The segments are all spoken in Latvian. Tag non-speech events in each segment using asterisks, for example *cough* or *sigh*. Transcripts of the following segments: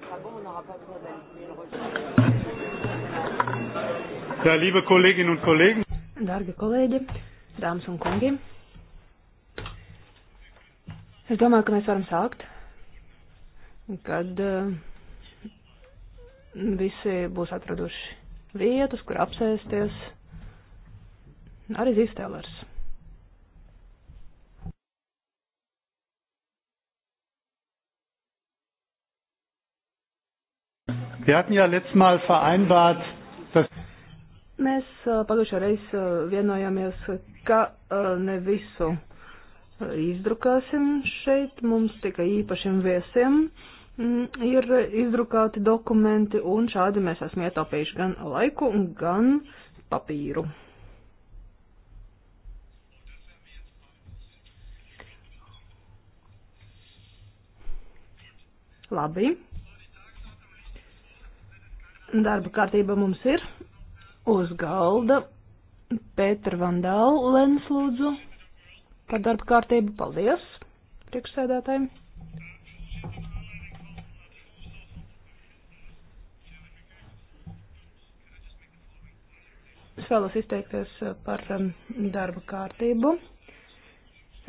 ce sera bon, on n'aura pas besoin d'aller le rejet. Ja, liebe Kolleginnen und Kollegen. Darge kolēģi, dāmas un kungi. Es domāju, ka mēs varam sākt, kad uh, visi būs atraduši vietas, kur apsēsties. Arī Zīstēlers. Wir hatten ja letztes Mal vereinbart, dass. Mēs pagājušā reizē vienojāmies, ka ne visu izdrukāsim šeit. Mums tikai īpašiem viesiem mm, ir izdrukāti dokumenti, un šādi mēs esam ietaupījuši gan laiku, gan papīru. Labi. Darba kārtība mums ir uz galda. Pēter Vandāla Lens lūdzu par darba kārtību. Paldies priekšsēdētājiem. Es vēlos izteikties eh, par um, darba kārtību.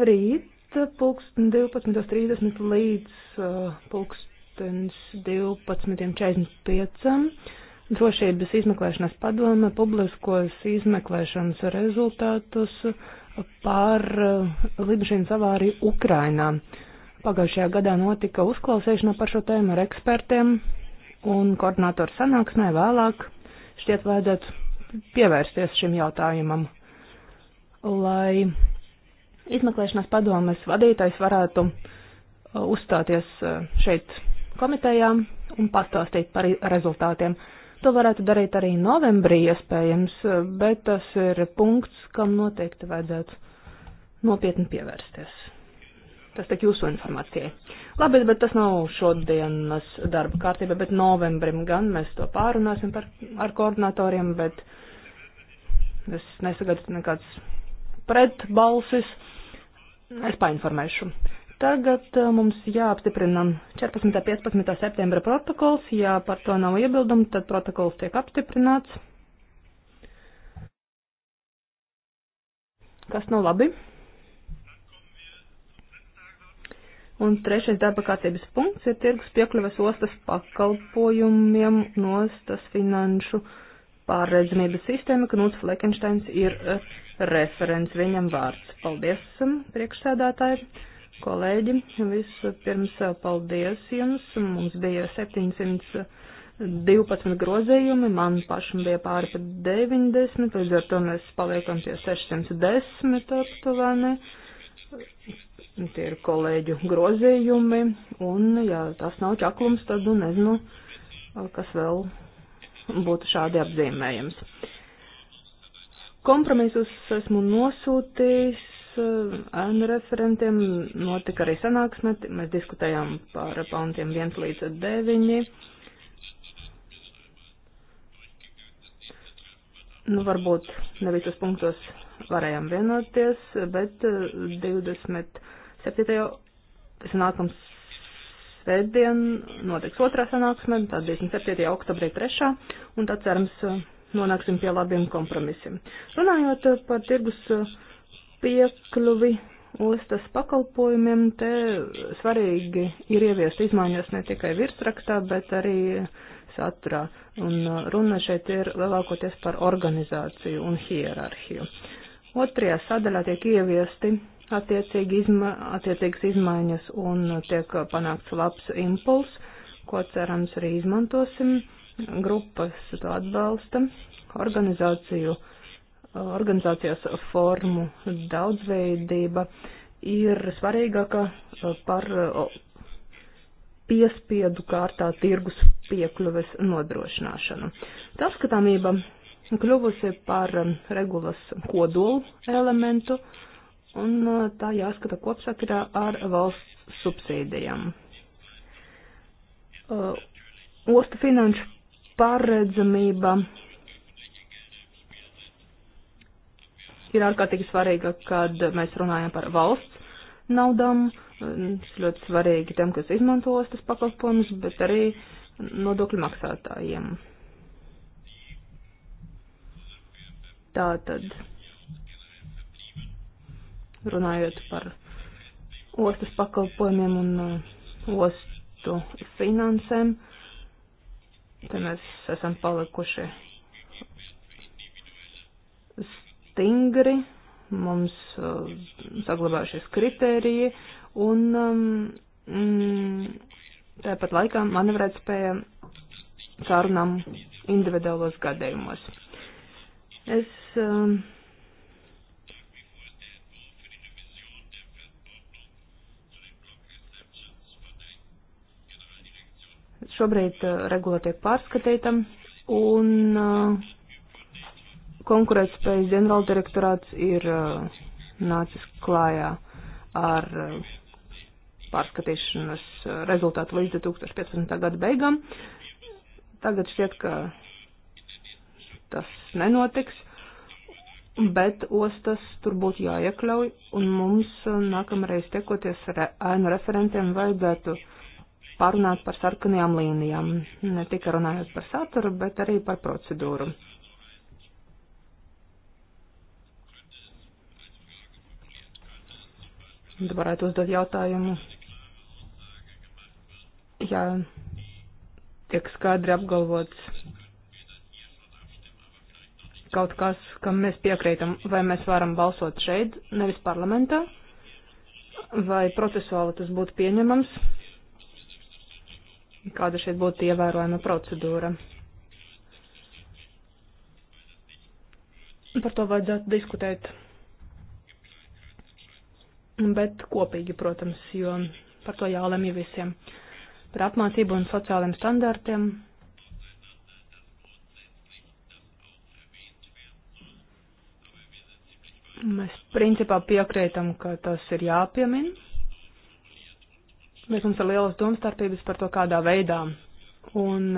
Rīt pulksten 12.30 līdz uh, eh, pulksten pulkstens 12.45. Drošības izmeklēšanas padome publiskos izmeklēšanas rezultātus par eh, lidmašīnas avāriju Ukrainā. Pagājušajā gadā notika uzklausīšana par šo tēmu ar ekspertiem un koordinātoru sanāksmē vēlāk šķiet vajadzētu pievērsties šim jautājumam, lai izmeklēšanas padomes vadītājs varētu eh, uzstāties eh, šeit komitejām un pastāstīt par rezultātiem. To varētu darīt arī novembrī, iespējams, bet tas ir punkts, kam noteikti vajadzētu nopietni pievērsties. Tas tik jūsu informācijai. Labi, bet tas nav šodienas darba kārtība, bet novembrim gan mēs to pārunāsim par, ar koordinatoriem, bet es nesagadu nekāds pretbalsis. Es painformēšu. Tagad uh, mums jāapstiprina 14. un 15. septembra protokols. Ja par to nav iebildumu, tad protokols tiek apstiprināts. Kas nav nu labi? Un trešais darba kārtības punkts ir tirgus piekļuves ostas pakalpojumiem nostas finanšu pārredzamības sistēma, ka Nūts Flekensteins ir eh, referents viņam vārds. Paldies, priekšsēdētāji! kolēģi. Vispirms eh, paldies jums. Mums bija 712 grozējumi, man pašam bija pāri pat 90, līdz ar to mēs paliekam pie 610 aptuveni. Tie ir kolēģu grozējumi, un ja tas nav čaklums, tad nu nezinu, kas vēl būtu šādi apzīmējams. Kompromisus esmu nosūtījis Eh, ēnu referentiem notika arī sanāksme. Mēs diskutējām par pantiem 1 līdz 9. Nu, varbūt ne visos punktos varējām vienoties, bet 27. Eh, sanākums svētdien notiks otrā sanāksme, tad 27. oktobrī trešā, un tad cerams eh, nonāksim pie labiem kompromisiem. Runājot par tirgus piekļuvi ostas pakalpojumiem, te svarīgi ir ieviest izmaiņas ne tikai virsrakstā, bet arī saturā. Un uh, runa šeit ir lielākoties par organizāciju un hierarhiju. Otrajā sadaļā tiek ieviesti attiecīgi izma attiecīgas izmaiņas un tiek panākts labs impuls, ko cerams arī izmantosim. Grupas to atbalsta, organizāciju uh, organizācijas formu daudzveidība ir svarīgāka par piespiedu kārtā tirgus piekļuves nodrošināšanu. Caurskatāmība kļuvusi par um, regulas kodolu elementu, un uh, tā jāskata kopsakarā ar valsts subsīdijām. Uh, ostu finanšu pārredzamība ir ārkārtīgi svarīga, kad mēs runājam par valsts naudām. Tas ļoti svarīgi tiem, kas izmantos tas pakalpojums, bet arī nodokļu maksātājiem. Tātad, runājot par ostas pakalpojumiem un uh, ostu finansēm, te mēs esam palikuši stingri, mums uh, saglabājušies kritēriji un um, mm, tāpat laikā manevrēt spēja sarunām individuālos gadījumos. Es um, šobrīd uh, regula tiek pārskatīta un uh, konkurētspējas ģenerāldirektorāts ir eh, nācis klājā ar eh, pārskatīšanas eh, rezultātu līdz 2015. gada beigām. Tagad šķiet, ka tas nenotiks, bet ostas tur būtu jāiekļauj, un mums nākamreiz tiekoties ar ēnu referentiem vajadzētu pārunāt par sarkanajām līnijām, ne tikai runājot par saturu, bet arī par procedūru. varētu uzdot jautājumu, ja tiek skaidri apgalvots kaut kas, kam mēs piekrītam, vai mēs varam balsot šeit, nevis parlamentā, vai procesuāli tas būtu pieņemams, kāda šeit būtu ievērojama procedūra. Par to vajadzētu diskutēt bet kopīgi, protams, jo par to jālemj visiem. Par apmācību un sociāliem standartiem. Mēs principā piekrītam, ka tas ir jāpiemin, bet mums ir lielas domstarpības par to, kādā veidā un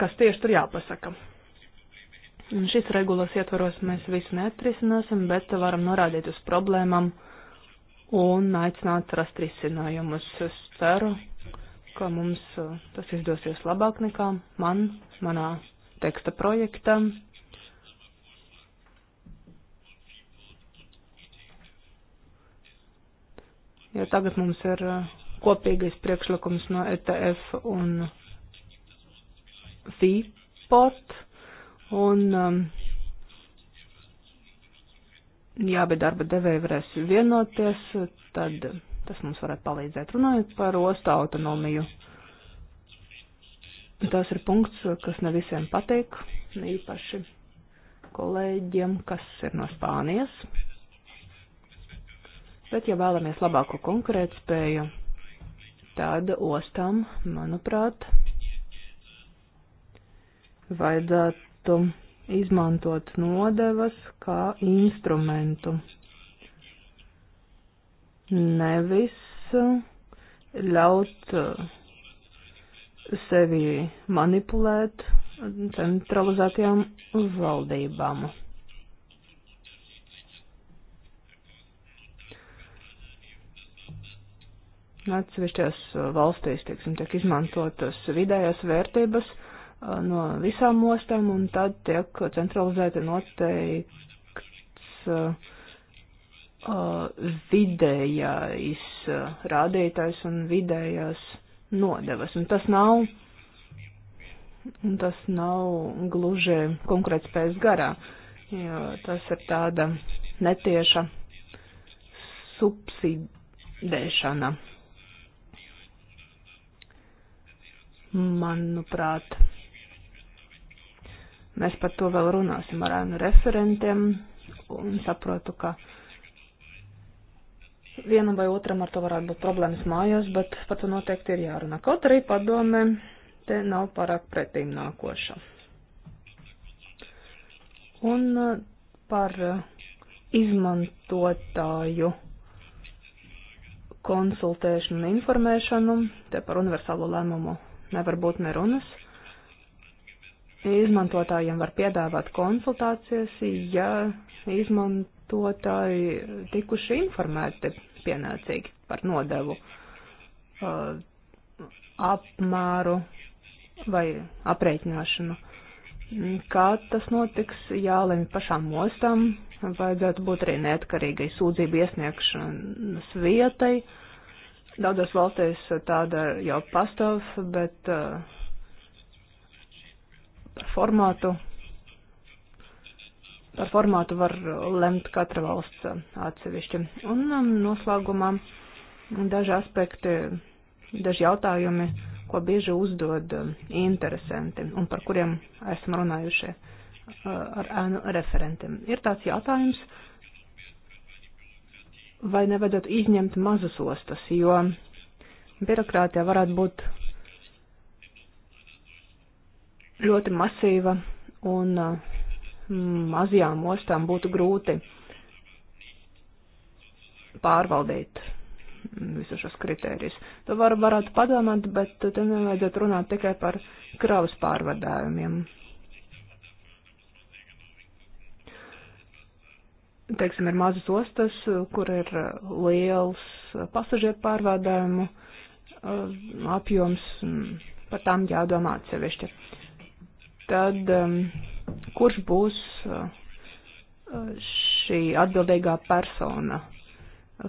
kas tieši tur jāpasaka. Un šis regulas ietvaros mēs visu neatrisināsim, bet varam norādīt uz problēmām un aicināt rast risinājumus. Es ceru, ka mums uh, tas izdosies labāk nekā man, manā teksta projektā. Jo tagad mums ir uh, kopīgais priekšlikums no ETF un FIPOT Un um, jā, bet darba devēja varēs vienoties, tad tas mums varētu palīdzēt runājot par ostu autonomiju. Tas ir punkts, kas ne visiem patīk, ne īpaši kolēģiem, kas ir no Spānijas. Bet, ja vēlamies labāko konkurētspēju, tad ostām, manuprāt, vajadzētu varētu izmantot nodevas kā instrumentu. Nevis ļaut uh, sevi manipulēt centralizētajām valdībām. Atsevišķās valstīs, tieksim, tiek izmantotas vidējās vērtības no visām ostām, un tad tiek centralizēti noteikts vidējais rādītājs un vidējās nodevas. Un tas nav, un tas nav gluži konkurētspējas garā, jo tas ir tāda netieša subsidēšana. Manuprāt, Mēs par to vēl runāsim ar ēnu referentiem un saprotu, ka vienam vai otram ar to varētu būt problēmas mājās, bet par to noteikti ir jārunā. Kaut arī padome te nav pārāk pretīm nākoša. Un eh, par eh, izmantotāju konsultēšanu un informēšanu, te par universālo lēmumu nevar būt nerunas. Izmantotājiem var piedāvāt konsultācijas, ja izmantotāji tikuši informēti pienācīgi par nodevu uh, apmēru vai aprēķināšanu. Kā tas notiks, jālemj pašām ostām, vajadzētu būt arī neatkarīgai sūdzību iesniegšanas vietai. Daudzās valstīs tāda jau pastāv, bet uh, Par formātu, par formātu var lemt katra valsts atsevišķi. Un um, noslēgumā daži aspekti, daži jautājumi, ko bieži uzdod um, interesanti un par kuriem esam runājuši uh, ar ēnu referentiem. Ir tāds jautājums, vai nevajadzētu izņemt mazas ostas, jo birokrātija varētu būt ļoti masīva un uh, mazajām ostām būtu grūti pārvaldīt visus šos kritērijus. To var, varētu padomāt, bet te nevajadzētu runāt tikai par kravas pārvadājumiem. Teiksim, ir mazas ostas, kur ir liels pasažieru pārvadājumu uh, apjoms, mm, par tām jādomā atsevišķi. Uh, tad um, kurš būs uh, šī atbildīgā persona,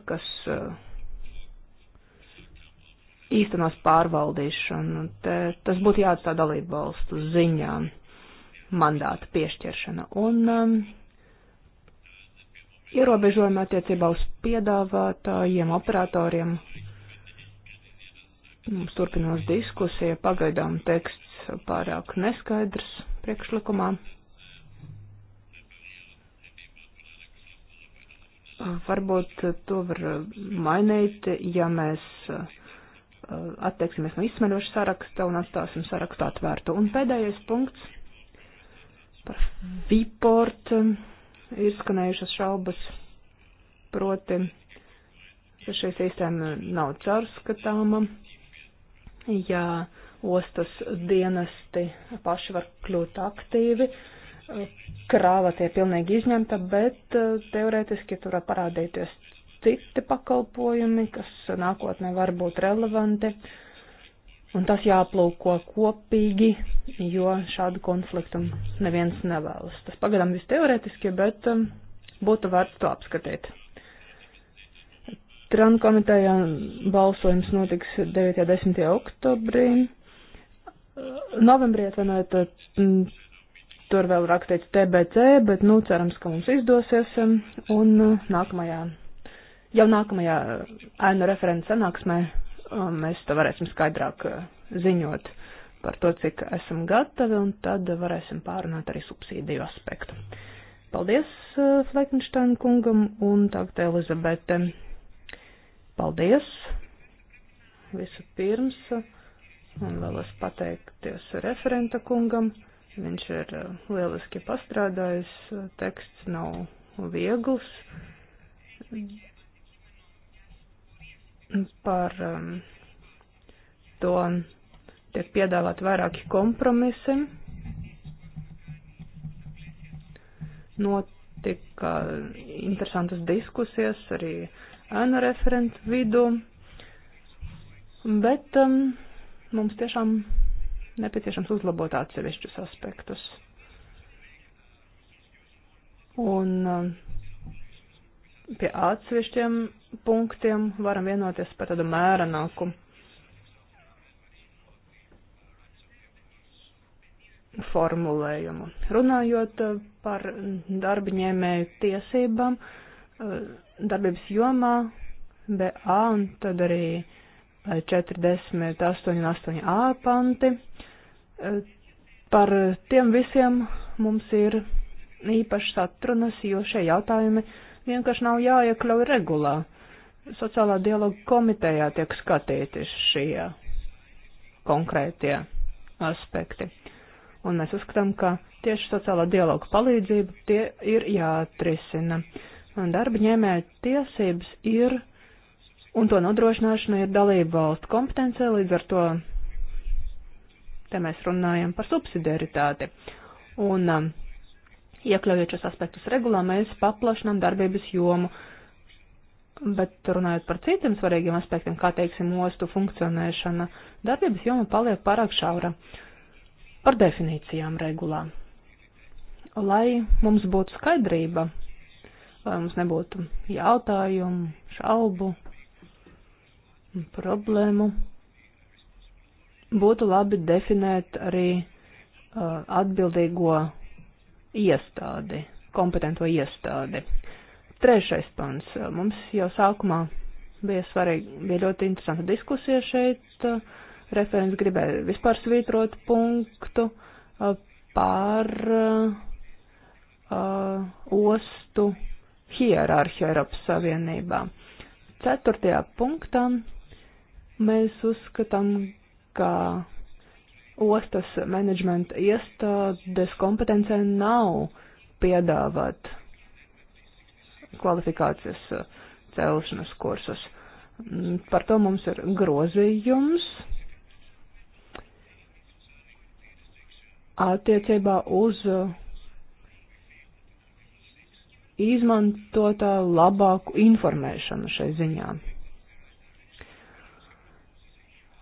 kas uh, īstenos pārvaldīšanu? Te, tas būtu jāatstā dalību valstu ziņā mandāta piešķiršana. Un um, ierobežojumi attiecībā uz piedāvātājiem, operatoriem. Mums turpinās diskusija, pagaidām teksts pārāk neskaidrs priekšlikumā. Varbūt to var mainīt, ja mēs uh, attieksimies no izsmeļoša saraksta un atstāsim sarakstu atvērtu. Un pēdējais punkts par Viport um, ir skanējušas šaubas proti, ka šī sistēma nav caurskatāma. Ja uh, ostas dienesti paši var kļūt aktīvi. Krāva tie pilnīgi izņemta, bet eh, teorētiski tur var parādīties citi pakalpojumi, kas nākotnē var būt relevanti. Un tas jāplūko kopīgi, jo šādu konfliktu neviens nevēlas. Tas pagadām viss teorētiski, bet eh, būtu vērts to apskatīt. Tran komitejā balsojums notiks 9. un 10. oktobrī. Novembrī atvainojiet, mm, tur vēl rakstīts TBC, bet, nu, cerams, ka mums izdosies. Mm, un mm, nākamajā, jau nākamajā ēnu referents sanāksmē mēs to varēsim skaidrāk ziņot par to, cik esam gatavi, un tad varēsim pārunāt arī subsīdiju aspektu. Paldies Fleckensteina kungam un tagad Elizabete. Paldies! Visu pirms un vēlos pateikties referenta kungam. Viņš ir eh, lieliski pastrādājis, eh, teksts nav viegls. Par um, to tiek piedāvāt vairāki kompromisi. Notika interesantas diskusijas arī ēnu referentu vidū, bet um, Mums tiešām nepieciešams uzlabot atsevišķus aspektus. Un um, pie atsevišķiem punktiem varam vienoties par tādu mērenāku formulējumu. Runājot uh, par darbiņēmēju tiesībām, uh, darbības jomā BA un tad arī uh, 48 un 8a panti. E, par tiem visiem mums ir īpašas atrunas, jo šie jautājumi vienkārši nav jāiekļauj regulā. Sociālā dialoga komitejā tiek skatīti šie konkrētie aspekti. Un mēs uzskatām, ka tieši sociālā dialoga palīdzība tie ir jāatrisina. Un darba ņēmē tiesības ir un to nodrošināšana ir dalību valstu kompetencē, līdz ar to te mēs runājam par subsidiaritāti. Un um, iekļaujot šos aspektus regulā, mēs paplašinām darbības jomu, bet runājot par citiem svarīgiem aspektiem, kā teiksim, ostu funkcionēšana, darbības joma paliek pārāk šaura par definīcijām regulā. Lai mums būtu skaidrība, lai mums nebūtu jautājumu, šaubu, problēmu, būtu labi definēt arī uh, atbildīgo iestādi, kompetento iestādi. Trešais pants. Mums jau sākumā bija svarīgi, bija ļoti interesanta diskusija šeit. Referents gribēja vispār svītrot punktu uh, par uh, ostu hierarhiju Eiropas Savienībā. Ceturtajā punktā Mēs uzskatām, ka ostas menedžmenta iestādes kompetencē nav piedāvāt kvalifikācijas uh, celšanas kursus. Mm, par to mums ir grozījums attiecībā uz uh, izmantotā labāku informēšanu šai ziņā.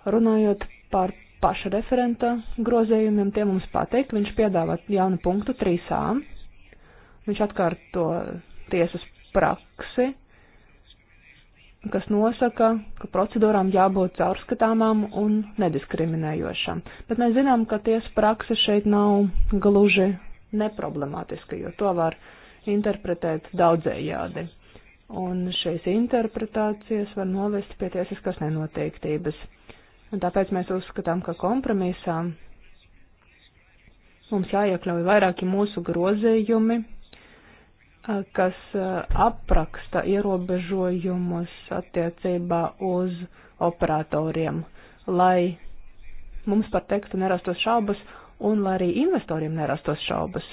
Runājot par paša referenta grozējumiem, tie mums patīk. Viņš piedāvā jaunu punktu 3a. Viņš atkārto tiesas praksi, kas nosaka, ka procedūrām jābūt caurskatāmām un nediskriminējošām. Bet mēs zinām, ka tiesa praksa šeit nav gluži neproblemātiska, jo to var interpretēt daudzējādi. Un šīs interpretācijas var novest pie tiesiskās nenoteiktības. Uh, Un tāpēc mēs uzskatām, ka kompromisā mums jāiekļauj vairāki mūsu grozījumi, kas apraksta ierobežojumus attiecībā uz operatoriem, lai mums par tekstu nerastos šaubas un lai arī investoriem nerastos šaubas,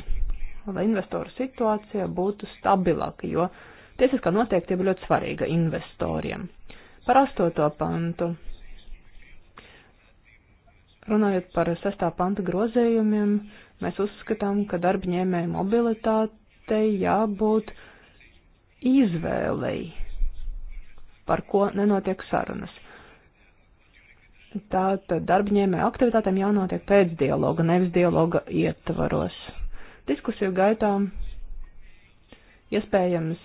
lai investoru situācija būtu stabilāka, jo tiesiskā noteiktība ļoti svarīga investoriem. Par astoto pantu Runājot par sestā panta grozējumiem, mēs uzskatām, ka darbņēmēja mobilitātei jābūt izvēlei, par ko nenotiek sarunas. Tātad darbņēmēja aktivitātēm jānotiek pēc dialoga, nevis dialoga ietvaros. Diskusiju gaitā iespējams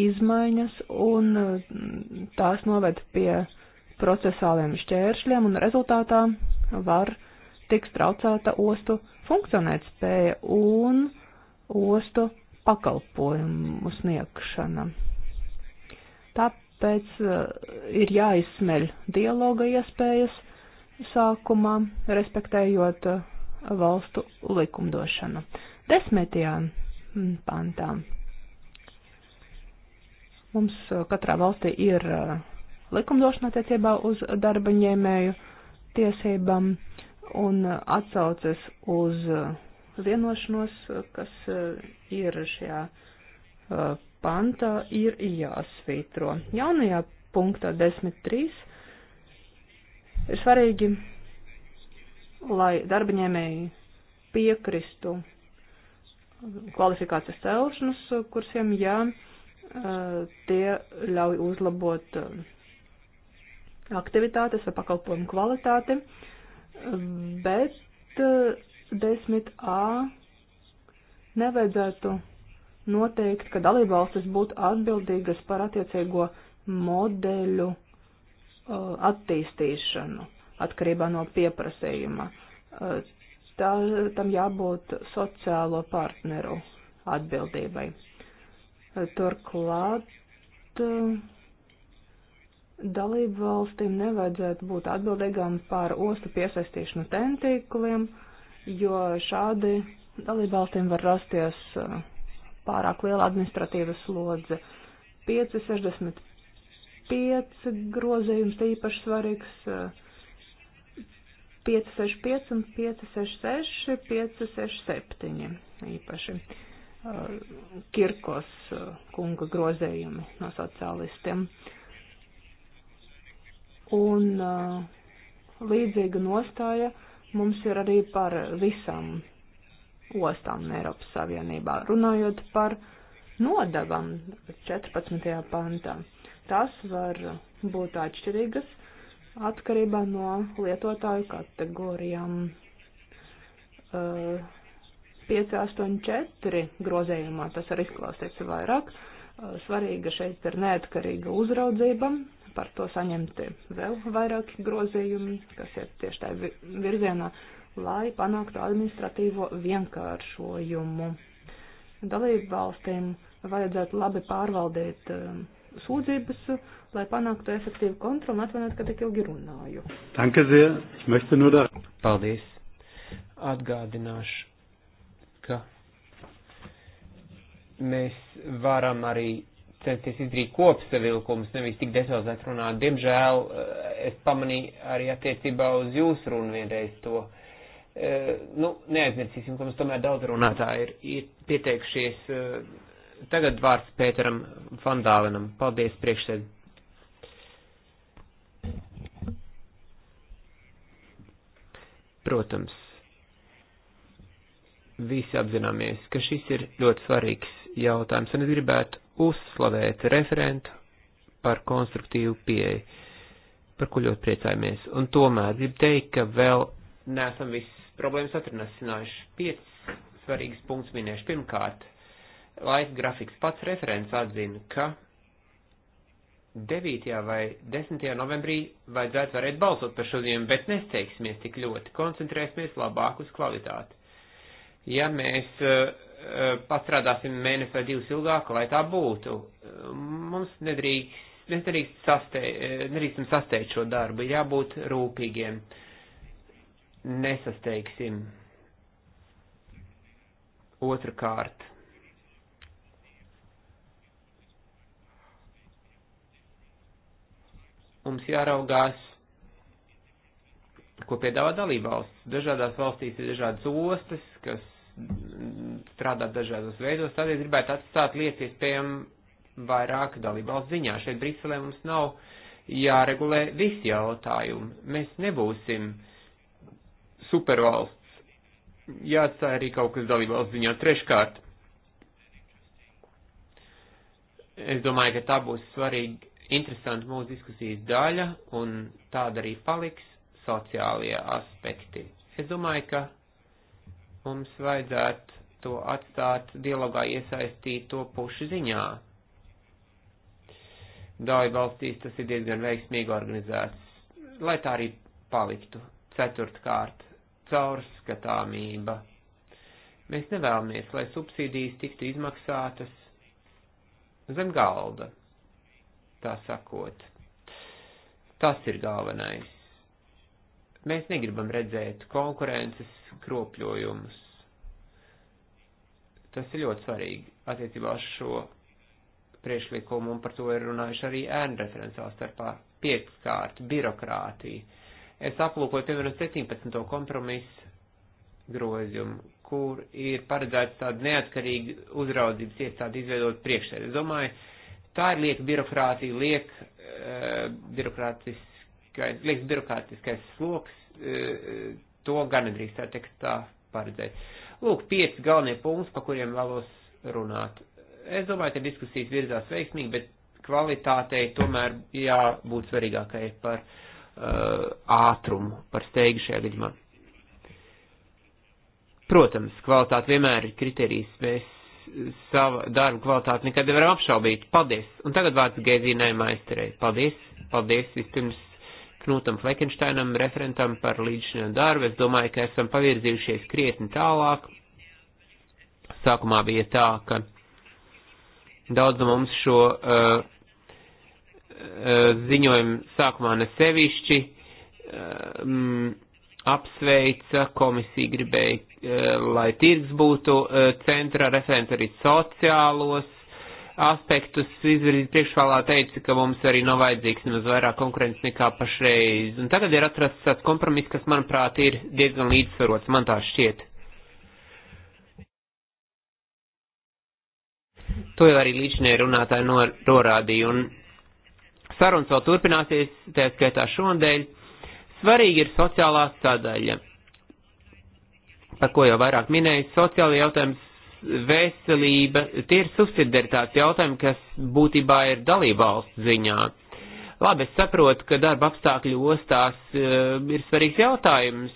izmaiņas un tās noved pie procesāliem šķēršļiem un rezultātā var tiks traucēta ostu funkcionēt spēja un ostu pakalpojumu sniegšana. Tāpēc eh, ir jāizsmeļ dialoga iespējas sākumā, respektējot eh, valstu likumdošanu. Desmitajā mm, pantā mums eh, katrā valstī ir likumdošana attiecībā uz darba ņēmēju tiesībām un atsaucas uz uh, vienošanos, uh, kas uh, ir šajā pantā, ir jāsvītro. Jaunajā punktā 10.3 ir svarīgi, lai darbaņēmēji piekristu kvalifikācijas celšanas kursiem, ja tie ļauj uzlabot aktivitātes vai pakalpojumu kvalitāti, um, bet 10a uh, nevajadzētu noteikt, ka dalībvalstis būtu atbildīgas par attiecīgo modeļu uh, attīstīšanu atkarībā no pieprasījuma. Uh, tā, tam jābūt sociālo partneru atbildībai. Turklāt dalību valstīm nevajadzētu būt atbildīgām par ostu piesaistīšanu tentīkliem, jo šādi dalību valstīm var rasties uh, pārāk liela administratīva slodze. 565 grozījums īpaši svarīgs, 565 uh, un 566, 567 īpaši. Uh, Kirkos kunga grozējumi no sociālistiem. Uh, Un uh, līdzīga nostāja mums ir arī par visām ostām Eiropas Savienībā. Runājot par nodevam 14. pantā, tas var būt atšķirīgas atkarībā no lietotāju kategorijām. Uh, 584 grozējumā tas arī izklausīts vairāk. Uh, svarīga šeit ir neatkarīga uzraudzība, par to saņemti vēl vairāki grozījumi, kas ir tieši tā virzienā, lai panāktu administratīvo vienkāršojumu. Dalību valstīm vajadzētu labi pārvaldīt um, sūdzības, lai panāktu efektīvu kontroli, atvainojiet, ka tik ilgi runāju. Danke sehr, ich möchte nur da. Paldies. Atgādināšu, ka mēs varam arī censties izdarīt kopsavilkumus, nevis tik detalizēt runāt. Diemžēl eh, es pamanīju arī attiecībā uz jūsu runu vienreiz to. Eh, nu, neaizmirsīsim, ka mums tomēr daudz runātāji ir, ir pieteikšies. Eh, tagad vārds Pēteram Fandālenam. Paldies priekšsēd. Protams, visi apzināmies, ka šis ir ļoti svarīgs jautājums, un es gribētu uzslavēt referentu par konstruktīvu pieeju, par ko ļoti priecājamies. Un tomēr gribu teikt, ka vēl neesam visas problēmas atrinasinājuši. Pieci svarīgas punkts minēšu. Pirmkārt, laika grafiks pats referents atzina, ka 9. vai 10. novembrī vajadzētu varēt balsot par šodien, bet nesteigsimies tik ļoti, koncentrēsimies labāk uz kvalitāti. Ja mēs uh, Eh, pastrādāsim mēnesi vai divus ilgāk, lai tā būtu. Eh, mums nedrīkst, mēs nedrīkst sastei, eh, nedrīkstam sasteigt šo darbu, ir jābūt rūpīgiem. Nesasteigsim. Otrakārt. Mums jāraugās, ko piedāvā dalībvalsts. Dažādās valstīs ir dažādas ostas, kas strādāt dažādos veidos, tādēļ gribētu atstāt lietas iespējami vairāk dalībvalsts ziņā. Šeit Briselē mums nav jāregulē visi jautājumi. Mēs nebūsim supervalsts. Jāatstāja arī kaut kas dalībvalsts ziņā treškārt. Es domāju, ka tā būs svarīga, interesanta mūsu diskusijas daļa, un tāda arī paliks sociālie aspekti. Es domāju, ka mums vajadzētu to atstāt dialogā iesaistīto pušu ziņā. Dalībvalstīs tas ir diezgan veiksmīgi organizēts, lai tā arī paliktu. Ceturtkārt, caurskatāmība. Mēs nevēlamies, lai subsīdijas tiktu izmaksātas zem galda, tā sakot. Tas ir galvenais. Mēs negribam redzēt konkurences kropļojumus Tas ir ļoti svarīgi attiecībā uz šo priekšlikumu, un par to ir runājuši arī ēnu referencā starpā pieckārt birokrātija. Es aplūkoju, piemēram, 17. kompromisu grozījumu, kur ir paredzēts tāda neatkarīga uzraudzības iestāde izveidot priekšsēdi. Es domāju, tā ir lieka birokrātija, liek, uh, eh, birokrātiskais, liek birokrātiskais sloks, uh, to gan nedrīkstētu tekstā paredzēt. Uh, Lūk, pieci galvenie punkti, pa kuriem vēlos runāt. Es domāju, ka diskusijas virzās veiksmīgi, bet kvalitātei tomēr jābūt svarīgākai par uh, ātrumu, par steigu šajā gadījumā. Protams, kvalitāte vienmēr ir kriterijs. Mēs savu darbu kvalitāti nekad nevaram apšaubīt. Paldies! Un tagad vārds Gēzīnai Maisterei. Paldies! Paldies vispirms Knūtam Fleckensteinam, referentam par līdzšinām darbu. Es domāju, ka esam pavirzījušies krietni tālāk. Sākumā bija tā, ka daudz no mums šo uh, uh, ziņojumu sākumā nesevišķi uh, m, mm, apsveica, komisija gribēja, uh, lai tirgs būtu uh, centra, referents arī sociālos aspektus izvirzīt priekšvēlā teica, ka mums arī nav vajadzīgs nemaz vairāk konkurences nekā pašreiz. Un tagad ir atrasts tāds kompromiss, kas, manuprāt, ir diezgan līdzsvarots, man tā šķiet. To jau arī līdšanai runātāji norādīja, un sarunas vēl turpināsies, tā skaitā šonadēļ. Svarīgi ir sociālā sadaļa, par ko jau vairāk minēju, sociāla jautājums veselība, tie ir subsidiaritātes jautājumi, kas būtībā ir dalībvalsts ziņā. Labi, es saprotu, ka darba apstākļu ostās uh, ir svarīgs jautājums,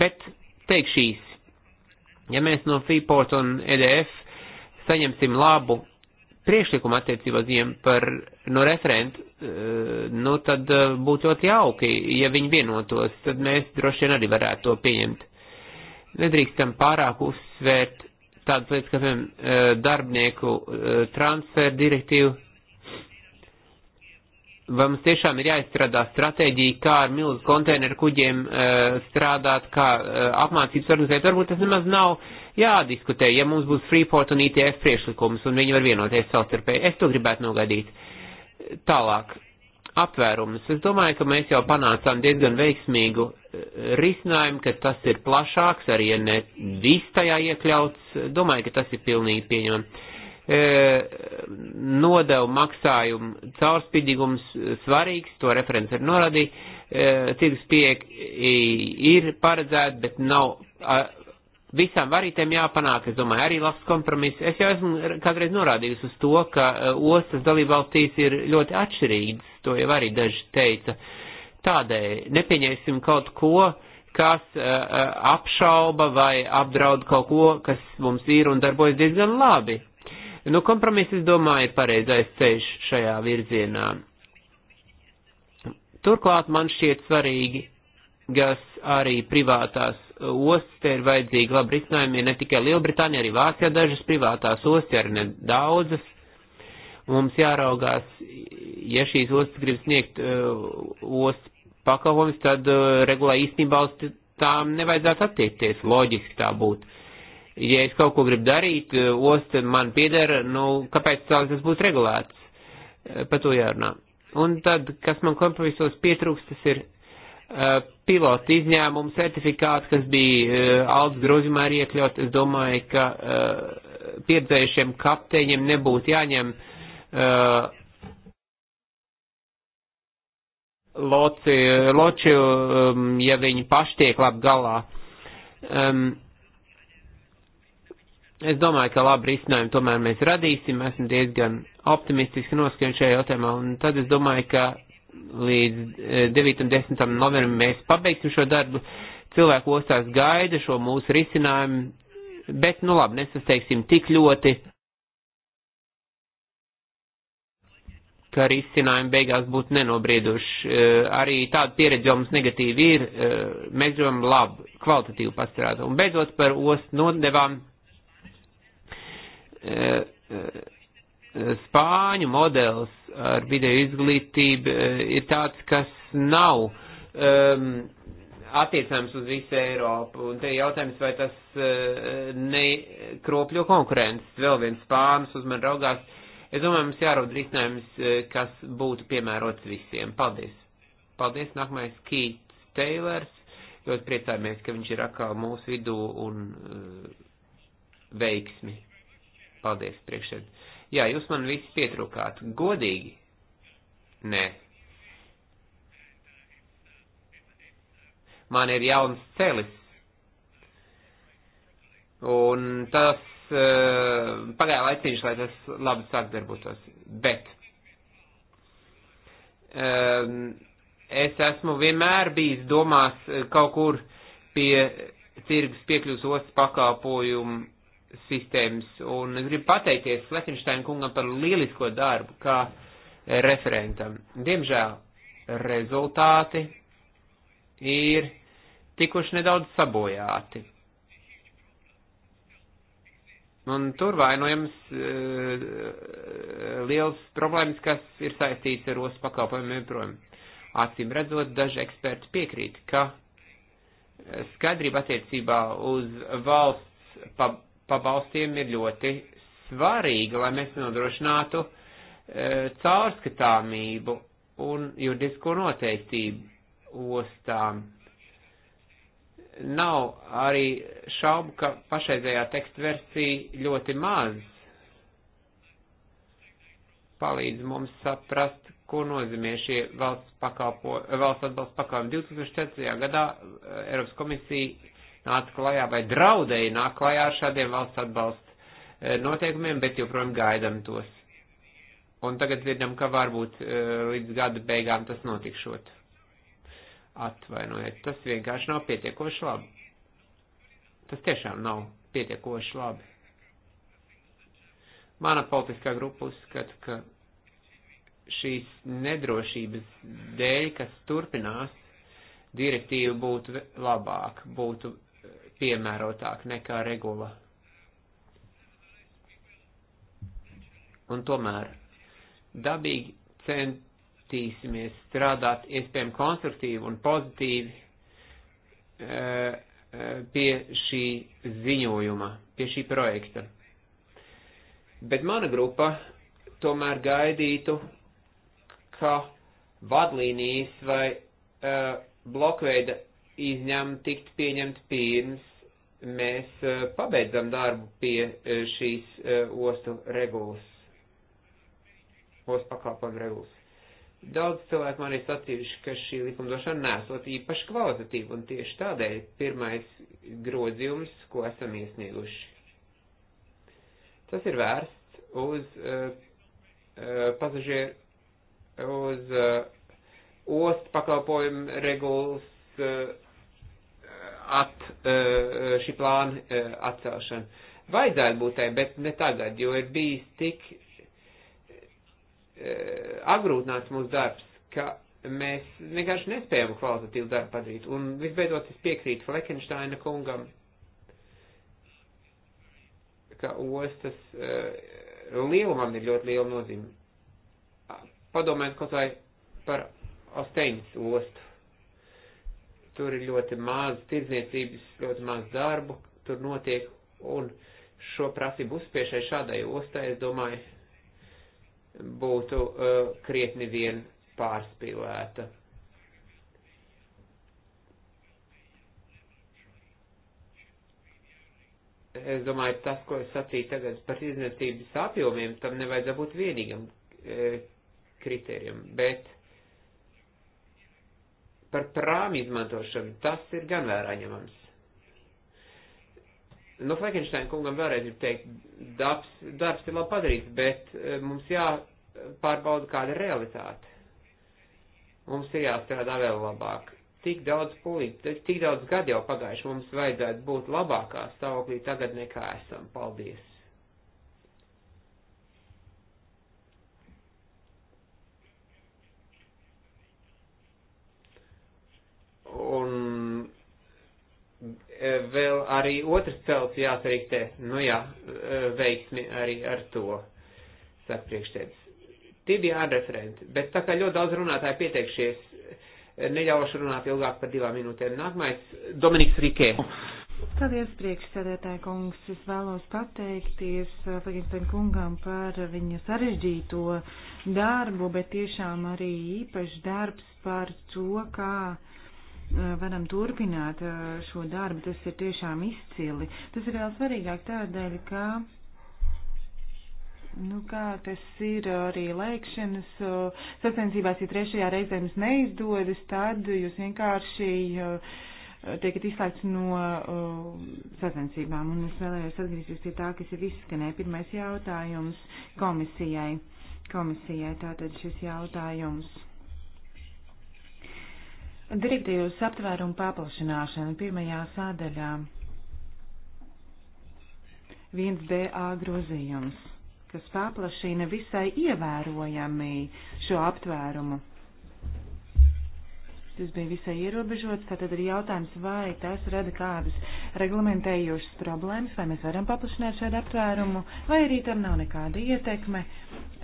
bet teikšu šīs. Ja mēs no Freeport un EDF saņemsim labu priekšlikumu attiecībā uz viņiem par no referentu, uh, eh, nu tad uh, būtu ļoti jauki, ja viņi vienotos, tad mēs droši vien arī varētu to pieņemt. Nedrīkstam pārāk uzsvērt tādas lietas, kā piemēram e, darbnieku e, transfer direktīvu. Vai mums tiešām ir jāizstrādā stratēģija, kā ar milzu konteineru kuģiem e, strādāt, kā apmācības organizēt? Varbūt tas nemaz nav jādiskutē, ja mums būs Freeport un ITF priekšlikums un viņi var vienoties savstarpēji. Es to gribētu nogaidīt. Tālāk apvērumus. Es domāju, ka mēs jau panācām diezgan veiksmīgu eh, risinājumu, ka tas ir plašāks, arī ja ne viss tajā iekļauts. Domāju, ka tas ir pilnīgi pieņemami. E, eh, nodevu maksājumu caurspīdīgums eh, svarīgs, to referents ir norādījis, e, tirgus pieeja ir paredzēta, bet nav visām varītēm jāpanāk, es domāju, arī labs kompromiss. Es jau esmu kādreiz norādījis uz to, ka e, ostas dalībvalstīs ir ļoti atšķirīgas, to jau arī daži teica. Tādēļ nepieņemsim kaut ko, kas uh, apšauba vai apdraud kaut ko, kas mums ir un darbojas diezgan labi. Nu, kompromiss, es domāju, ir pareizais ceļš šajā virzienā. Turklāt man šķiet svarīgi, kas arī privātās oste ir vajadzīgi labi risinājumi, ne tikai Lielbritānija, arī Vācijā dažas privātās ostas, arī nedaudzas. Mums jāraugās, ja šīs ostas grib sniegt uh, ostas pakalpojums, tad uh, regulā īstenībā uz tām nevajadzētu attiekties, loģiski tā būtu. Ja es kaut ko gribu darīt, uh, osta man pieder, nu, kāpēc tas būtu regulēts? Uh, par to jārunā. Un tad, kas man kompromisos pietrūkst, tas ir Eh, pilotu izņēmumu certifikātu, kas bija eh, alts grozījumā arī iekļaut. Es domāju, ka eh, pieredzējušiem kapteiņiem nebūtu jāņem loci, loči, um, ja viņi paši tiek labi galā. Um, es domāju, ka labu risinājumu tomēr mēs radīsim. Esmu diezgan optimistiski noskaņot šajā jautājumā. Un tad es domāju, ka līdz 9. un 10. novembrim mēs pabeigsim šo darbu. Cilvēku ostās gaida šo mūsu risinājumu, bet, nu labi, nesasteigsim tik ļoti, ka risinājumi beigās būtu nenobrieduši. Eh, arī tāda pieredze mums negatīvi ir. Eh, mēs gribam labu, kvalitatīvu pastrādāt. Un beidzot par ostu nodevām. Eh, Spāņu modelis ar video izglītību eh, ir tāds, kas nav um, attiecams uz visu Eiropu. Un te jautājums, vai tas uh, nekropļo konkurences. Vēl viens spānis uz mani raugās. Es domāju, mums jārod risinājums, eh, kas būtu piemērots visiem. Paldies! Paldies! Nākamais Keits Teilers. Ļoti priecājamies, ka viņš ir atkal mūsu vidū un uh, veiksmi. Paldies, priekšēd. Jā, jūs man visi pietrūkāt. Godīgi? Nē. Man ir jauns celis. Un tas uh, pagāja laiciņš, lai tas labi sadarbotos. Bet uh, es esmu vienmēr bijis domās e, kaut kur pie tirgus piekļuvas ostas pakāpojumu sistēmas. Un gribu pateikties Fleckensteina kungam par lielisko darbu kā referentam. Diemžēl rezultāti ir tikuši nedaudz sabojāti. Un tur vainojams uh, liels problēmas, kas ir saistīts ar ostu pakalpojumiem joprojām. Acīm redzot, daži eksperti piekrīt, ka skaidrība attiecībā uz valsts pa, pabalstiem ir ļoti svarīga, lai mēs nodrošinātu e, caurskatāmību un juridisko noteiktību ostām. Nav arī šaubu, ka pašreizējā teksta versija ļoti maz palīdz mums saprast, ko nozīmē šie valsts, pakalpo, valsts atbalsta pakalpojumi. 2004. gadā e, Eiropas komisija nāca klajā vai draudēja nāk klajā ar šādiem valsts atbalsta eh, noteikumiem, bet joprojām gaidam tos. Un tagad dzirdam, ka varbūt eh, līdz gada beigām tas notikšot. Atvainojiet, tas vienkārši nav pietiekoši labi. Tas tiešām nav pietiekoši labi. Mana politiskā grupa uzskata, ka šīs nedrošības dēļ, kas turpinās, direktīva būtu labāk, būtu piemērotāk nekā regula. Un tomēr dabīgi centīsimies strādāt iespējami konstruktīvi un pozitīvi eh, eh, pie šī ziņojuma, pie šī projekta. Bet mana grupa tomēr gaidītu, ka vadlīnijas vai eh, blokveida izņēmumi tikt pieņemti pirms mēs eh, pabeidzam darbu pie eh, šīs eh, ostu regulas, ostu pakalpojumu regulas. Daudz cilvēku man ir sacījuši, ka šī likumdošana nesot īpaši kvalitatīva, un tieši tādēļ pirmais grozījums, ko esam iesnieguši. Tas ir vērsts uz uh, uh, pasažieru, uz uh, ostu pakalpojumu regulas uh, at, eh, eh, šī plāna eh, atcelšana. Vajadzētu būt tai, bet ne tagad, jo ir bijis tik agrūtināts mūsu darbs, ka mēs vienkārši nespējam kvalitatīvu darbu padarīt. Un visbeidzot, es piekrītu Fleckensteina kungam, ka ostas lielumam ir ļoti liela nozīme. Padomājiet kaut vai par Osteinas ostu tur ir ļoti maz tirdzniecības, ļoti maz darbu, tur notiek, un šo prasību uzspiešai šādai ostai, es domāju, būtu uh, krietni vien pārspīlēta. Es domāju, tas, ko es sacīju tagad par izniecības apjomiem, tam nevajadzētu būt vienīgam e, uh, kriterijam, bet Par prāmu izmantošanu tas ir gan vērā ņemams. Nu, no Fleckensteina kungam vēlreiz ir teikt, darbs, darbs ir labi padarīts, bet e, mums jāpārbauda kāda realitāte. Mums ir jāstrādā vēl labāk. Tik daudz pulīt, tik daudz gadu jau pagājuši, mums vajadzētu būt labākā stāvoklī tagad nekā esam. Paldies! Eh, vēl arī otrs cels jāsariktē. Nu jā, eh, veiksmi arī ar to, saka priekšsēdis. Tie bija ārreferenti, bet tā kā ļoti daudz runātāji pieteikšies, eh, neļaušu runāt ilgāk par divām minūtēm. Nākamais - Dominiks Rikē. Paldies, priekšsēdētāji kungs. Es vēlos pateikties Flegenstein kungam par viņa sarežģīto darbu, bet tiešām arī īpašs darbs par to, kā. Ka Eh, varam turpināt eh, šo darbu. Tas ir tiešām izcili. Tas ir vēl svarīgāk tādēļ, ka, nu, kā tas ir arī lēkšanas sacensībās, ja trešajā reizē jums neizdodas, tad jūs vienkārši tiekat izslēgts no sacensībām. Un es vēlējos atgriezties pie tā, kas ir izskanēja. Pirmais jautājums komisijai. Komisijai tātad šis jautājums Direktīvas aptvērumu paplašināšana pirmajā sādaļā. 1DA grozījums, kas paplašina visai ievērojami šo aptvērumu tas bija visai ierobežots, tātad ir jautājums, vai tas rada kādas reglamentējošas problēmas, vai mēs varam paplašināt šādu aptvērumu, vai arī tam nav nekāda ietekme.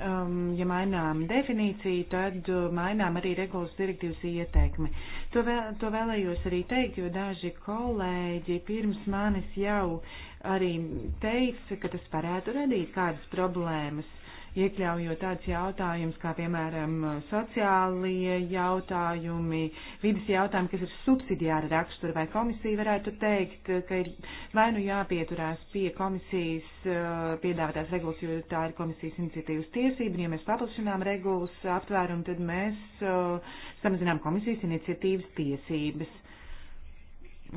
Um, ja mainām definīciju, tad uh, mainām arī regulas direktīvas ietekmi. To, vēl, to vēlējos arī teikt, jo daži kolēģi pirms manis jau arī teica, ka tas varētu radīt kādas problēmas iekļaujot tādus jautājumus kā, piemēram, sociālie jautājumi, vidas jautājumi, kas ir subsidiāra rakstura, vai komisija varētu teikt, ka ir vai nu jāpieturās pie komisijas eh, piedāvātās regulas, jo tā ir komisijas iniciatīvas tiesība, un ja mēs paplašinām regulas aptvērumu, tad mēs eh, samazinām komisijas iniciatīvas tiesības.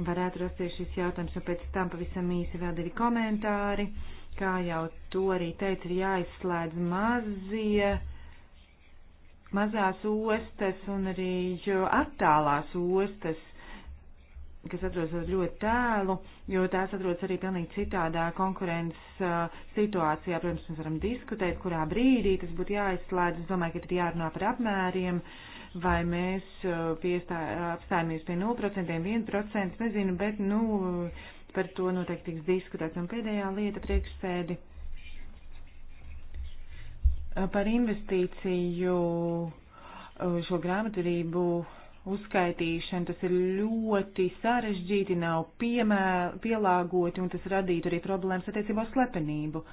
Varētu rasties šis jautājums, un pēc tam pavisam īsi vēl divi komentāri. Uh, Kā jau to arī teica, ir jāizslēdz mazie, mazās ostas un arī attālās ostas, kas atrodas ļoti tēlu, jo tās atrodas arī pilnīgi citādā konkurences uh, situācijā. Protams, mēs varam diskutēt, kurā brīdī tas būtu jāizslēdz. Es domāju, ka ir jārunā par apmēriem, vai mēs uh, piestā, apstājamies pie 0%, 1%, nezinu, bet, nu, par to noteikti tiks diskutēts. Un pēdējā lieta priekšsēdi par investīciju uh, šo grāmaturību uzskaitīšanu. Tas ir ļoti sarežģīti, nav piemē, pielāgoti un tas radītu arī problēmas attiecībā uz slepenību.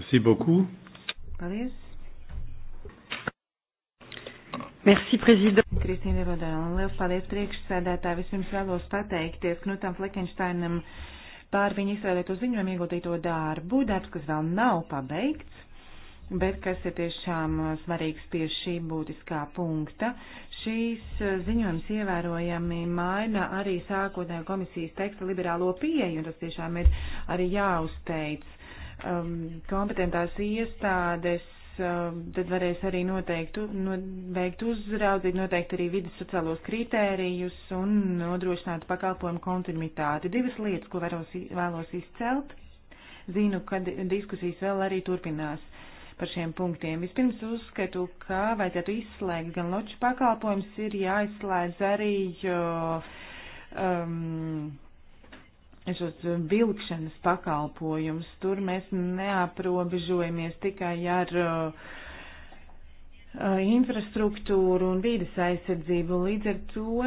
Merci beaucoup. Paldies. Merci, prezident. Kristīna Rodēna, liels paldies priekšsēdētāji. Vispirms vēlos pateikties Knutam Flekenšteinam pār viņu izvēlēto ziņojumu ieguldīto darbu, darbs, kas vēl nav pabeigts, bet kas ir tiešām svarīgs pie šī būtiskā punkta. Šīs ziņojums ievērojami maina arī sākotnējo komisijas teksta liberālo pieeju, un tas tiešām ir arī jāuzteic. Um, kompetentās iestādes Um, tad varēs arī noteikti no, veikt uzraudzīt, noteikti arī vidas sociālos kritērijus un nodrošināt pakalpojumu kontinuitāti. Divas lietas, ko vēlos, vēlos izcelt. Zinu, ka diskusijas vēl arī turpinās par šiem punktiem. Vispirms uzskatu, ka vajadzētu izslēgt gan loču pakalpojums, ir jāizslēdz arī. Jo, um, šos vilkšanas pakalpojumus. Tur mēs neaprobežojamies tikai ar uh, uh, infrastruktūru un vīdes aizsardzību. Līdz ar to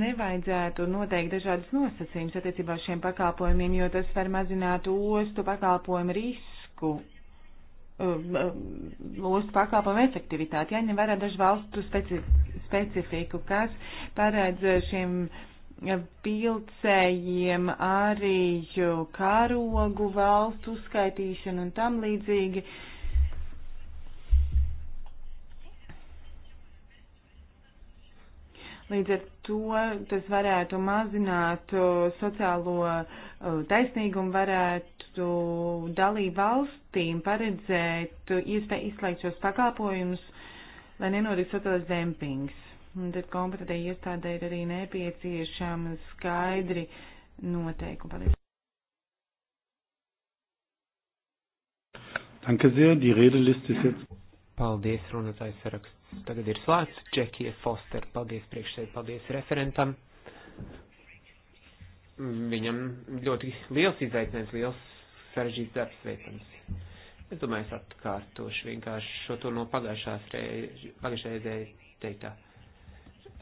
nevajadzētu noteikt dažādas nosacījumus attiecībā uz šiem pakalpojumiem, jo tas var mazināt ostu pakalpojumu risku um, um, ostu pakalpojumu efektivitāti, jāņem ja vērā dažu valstu specifiku, kas paredz šiem uh, pilcējiem arī karogu valstu uzskaitīšanu un tam līdzīgi. Līdz ar to tas varētu mazināt sociālo taisnīgumu, varētu dalību valstīm paredzēt iespēju izslēgt šos pakāpojumus, lai nenotiek sociālais dempings. Un tad kompetentai iestādē ir arī nepieciešama skaidri noteikumi. Paldies. Danke sehr, die Redeliste ist jetzt. Paldies, runātājs saraksts. Tagad ir slēgts. Džekija Foster, paldies priekšsēd, paldies referentam. Viņam ļoti liels izaicinājums, liels sarežģīts darbs veicams. Es domāju, es atkārtošu vienkārši šo to no pagājušās reizes, pagājušajā reizē teiktā.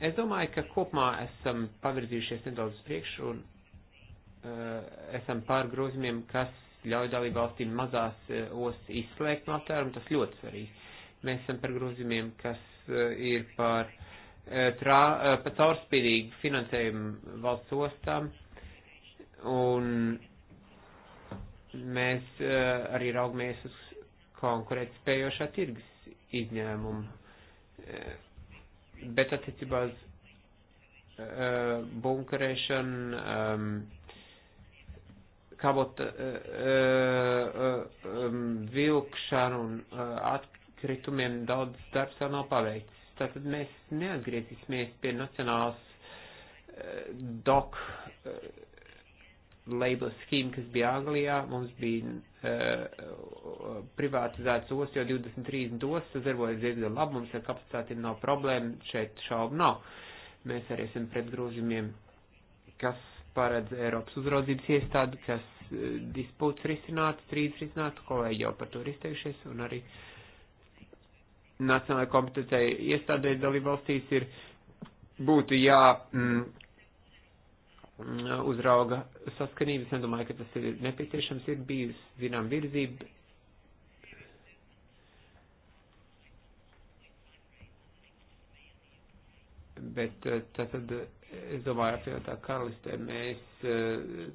Es domāju, ka kopumā esam pavirzījušies nedaudz priekšu un uh, esam pār grozījumiem, kas ļauj dalību valstīm mazās uh, ostas izslēgt no aptvērumu, tas ļoti svarīgi. Mēs esam par grozījumiem, kas uh, ir par, uh, trā, uh, par caurspīdīgu finansējumu valsts ostām un mēs uh, arī raugamies uz konkurētspējošā tirgus izņēmumu. Uh, bet attiecībā uz uh, bunkerēšanu, um, kabot uh, uh, um, vilkšanu un uh, atkritumiem daudz darbs vēl nav paveikts. Tātad mēs neatgriezīsimies pie nacionālas uh, eh, dok uh, label schēma, kas bija Anglijā. Mums bija Eh, privatizētas ostas, jo 23 ostas darbojas diezgan labi, mums ar kapacitāti nav problēma, šeit šaubu nav. Mēs arī esam pret grozījumiem, kas paredz Eiropas uzraudzības iestādi, kas eh, dispūts risinātu, strīds risinātu, kolēģi jau par to ir izteikšies, un arī nacionālajai kompetencijai iestādēji dalībvalstīs ir būtu jā. Mm, uzrauga saskanības. Nedomāju, ka tas ir nepieciešams. Ir bijis, zinām, virzība. Bet tātad, eh, es domāju, apvienotā karalistē mēs eh,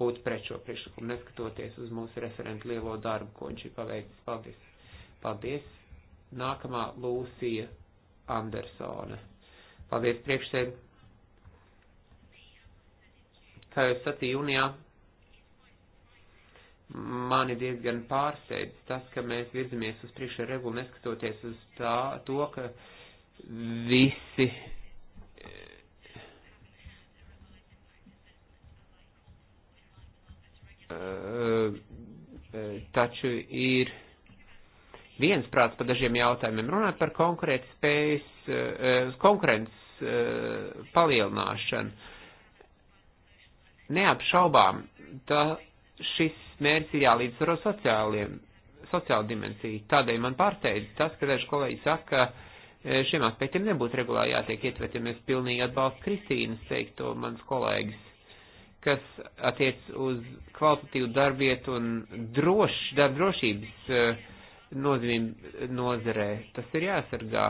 būtu pret šo priekšlikumu, neskatoties uz mūsu referentu lielo darbu, ko viņš ir paveicis. Paldies! Paldies! Nākamā Lūsija Andersone. Paldies priekšsēdētājiem! Kā jau sacīju jūnijā, mani diezgan pārsteidz tas, ka mēs virzamies uz priekšu regulu, neskatoties uz tā, to, ka visi eh, eh, taču ir viens prāts par dažiem jautājumiem. Runāt par konkurētas spējas, eh, konkurences palielināšanu. Neapšaubām, tā šis mērķis ir jālīdzsvaro sociāliem, sociāla dimensija. Tādēļ man pārsteidz tas, ka daži kolēģi saka, ka e, šiem aspektiem nebūtu regulāri jātiek ietvertiem. Es pilnīgi atbalstu Kristīnas teikto mans kolēģis kas attiec uz kvalitatīvu darbietu un droš, darba drošības e, nozīmību nozarē. Tas ir jāsargā.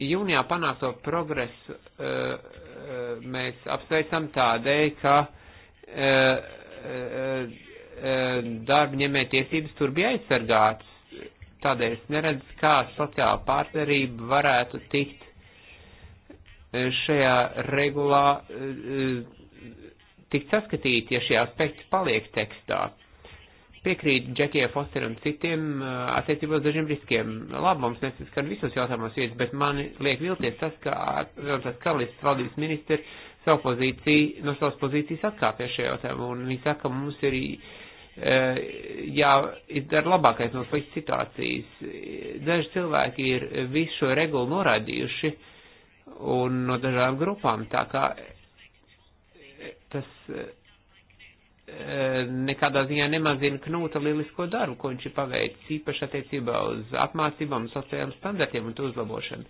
Jūnijā panākto progresu uh, Eh, mēs apsveicam tādēļ, ka eh, eh, darba ņemē tiesības tur bija aizsargātas. Tādēļ es neredzu, kā sociāla partnerība varētu tikt šajā regulā tikt saskatīt, ja šie aspekti paliek tekstā piekrīt Džekijai Foster un citiem uh, attiecībā uz dažiem riskiem. Labi, mums nesaskan visos jautājumos vietas, bet man liek vilties tas, ka Rotas Karalists valdības ministri savu pozīciju, no savas pozīcijas atkāpjas šajā jautājumā, un viņi saka, mums ir uh, jāizdara labākais no šīs situācijas. Daži cilvēki ir visu šo regulu norādījuši, un no dažām grupām, tā kā tas Eh, nekādā ziņā nemazina Knūta lielisko darbu, ko viņš ir paveicis īpaši attiecībā uz apmācībām, sociālajiem standartiem un uzlabošanu.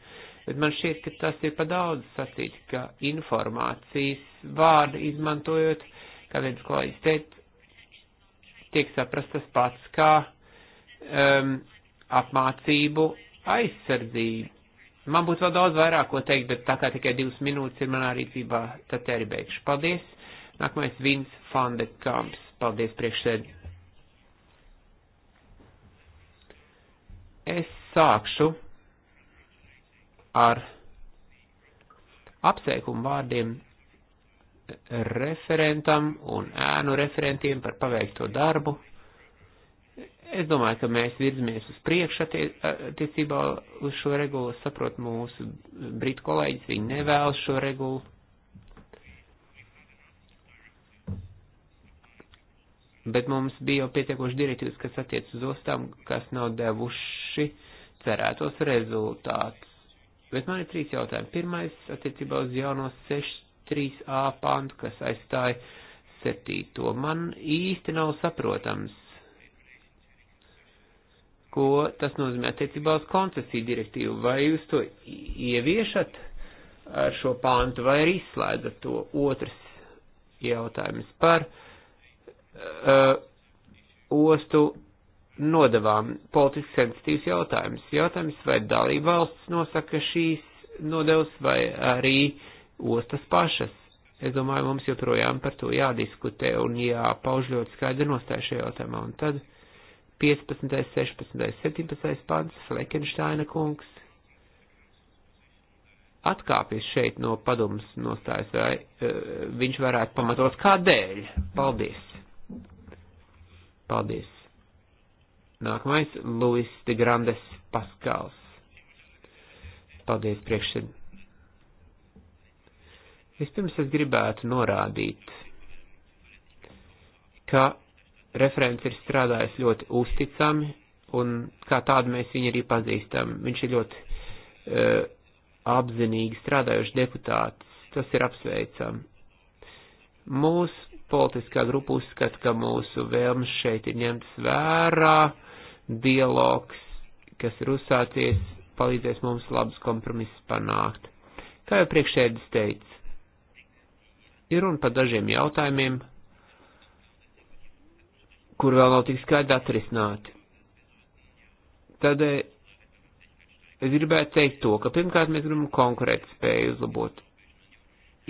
Bet man šķiet, ka tas ir pa daudz sacīt, ka informācijas vārdu izmantojot, kā viens kolēģis teica, tiek saprast tas pats kā um, apmācību aizsardzība. Man būtu vēl daudz vairāk ko teikt, bet tā kā tikai divas minūtes ir manā rīcībā, tad te arī beigšu. Paldies! Nākamais Vins Fande Kāms. Paldies priekšsēd. Es sākšu ar apsveikumu vārdiem referentam un ēnu referentiem par paveikto darbu. Es domāju, ka mēs virzamies uz priekšu attiecībā uz šo regulu. Es saprotu mūsu britu kolēģis, viņi nevēlas šo regulu bet mums bija jau pietiekoši direktīvas, kas attiec uz ostām, kas nav devuši cerētos rezultātus. Bet man ir trīs jautājumi. Pirmais attiecībā uz jauno 6.3a pantu, kas aizstāja 7. Man īsti nav saprotams, ko tas nozīmē attiecībā uz koncesiju direktīvu. Vai jūs to ieviešat ar šo pantu vai arī izslēdzat to? Otrs jautājums par uh, uh, ostu nodevām politiski sensitīvs jautājums. Jautājums, vai dalība valsts nosaka šīs nodevas vai arī ostas pašas. Es domāju, mums joprojām par to jādiskutē un jāpauž ļoti skaidri nostāja šajā jautājumā. Un tad 15., 16., 17. pants, Fleckensteina kungs atkāpjas šeit no padomas nostājas, vai uh, viņš varētu pamatot kādēļ. Paldies! Paldies. Nākamais, Luis de Grandes Paskals. Paldies, priekšsēd. Vispirms es gribētu norādīt, ka referents ir strādājis ļoti uzticami, un kā tādu mēs viņu arī pazīstam. Viņš ir ļoti uh, apzinīgi strādājuši deputāts, tas ir apsveicam. Mūsu politiskā grupa uzskata, ka mūsu vēlmes šeit ir ņemtas vērā, dialogs, kas ir uzsācies, palīdzēs mums labus kompromisus panākt. Kā jau priekšēdis teica, ir un par dažiem jautājumiem, kur vēl nav tik skaidri atrisināti. Tādēļ eh, es gribētu teikt to, ka pirmkārt mēs gribam konkurēt spēju uzlabot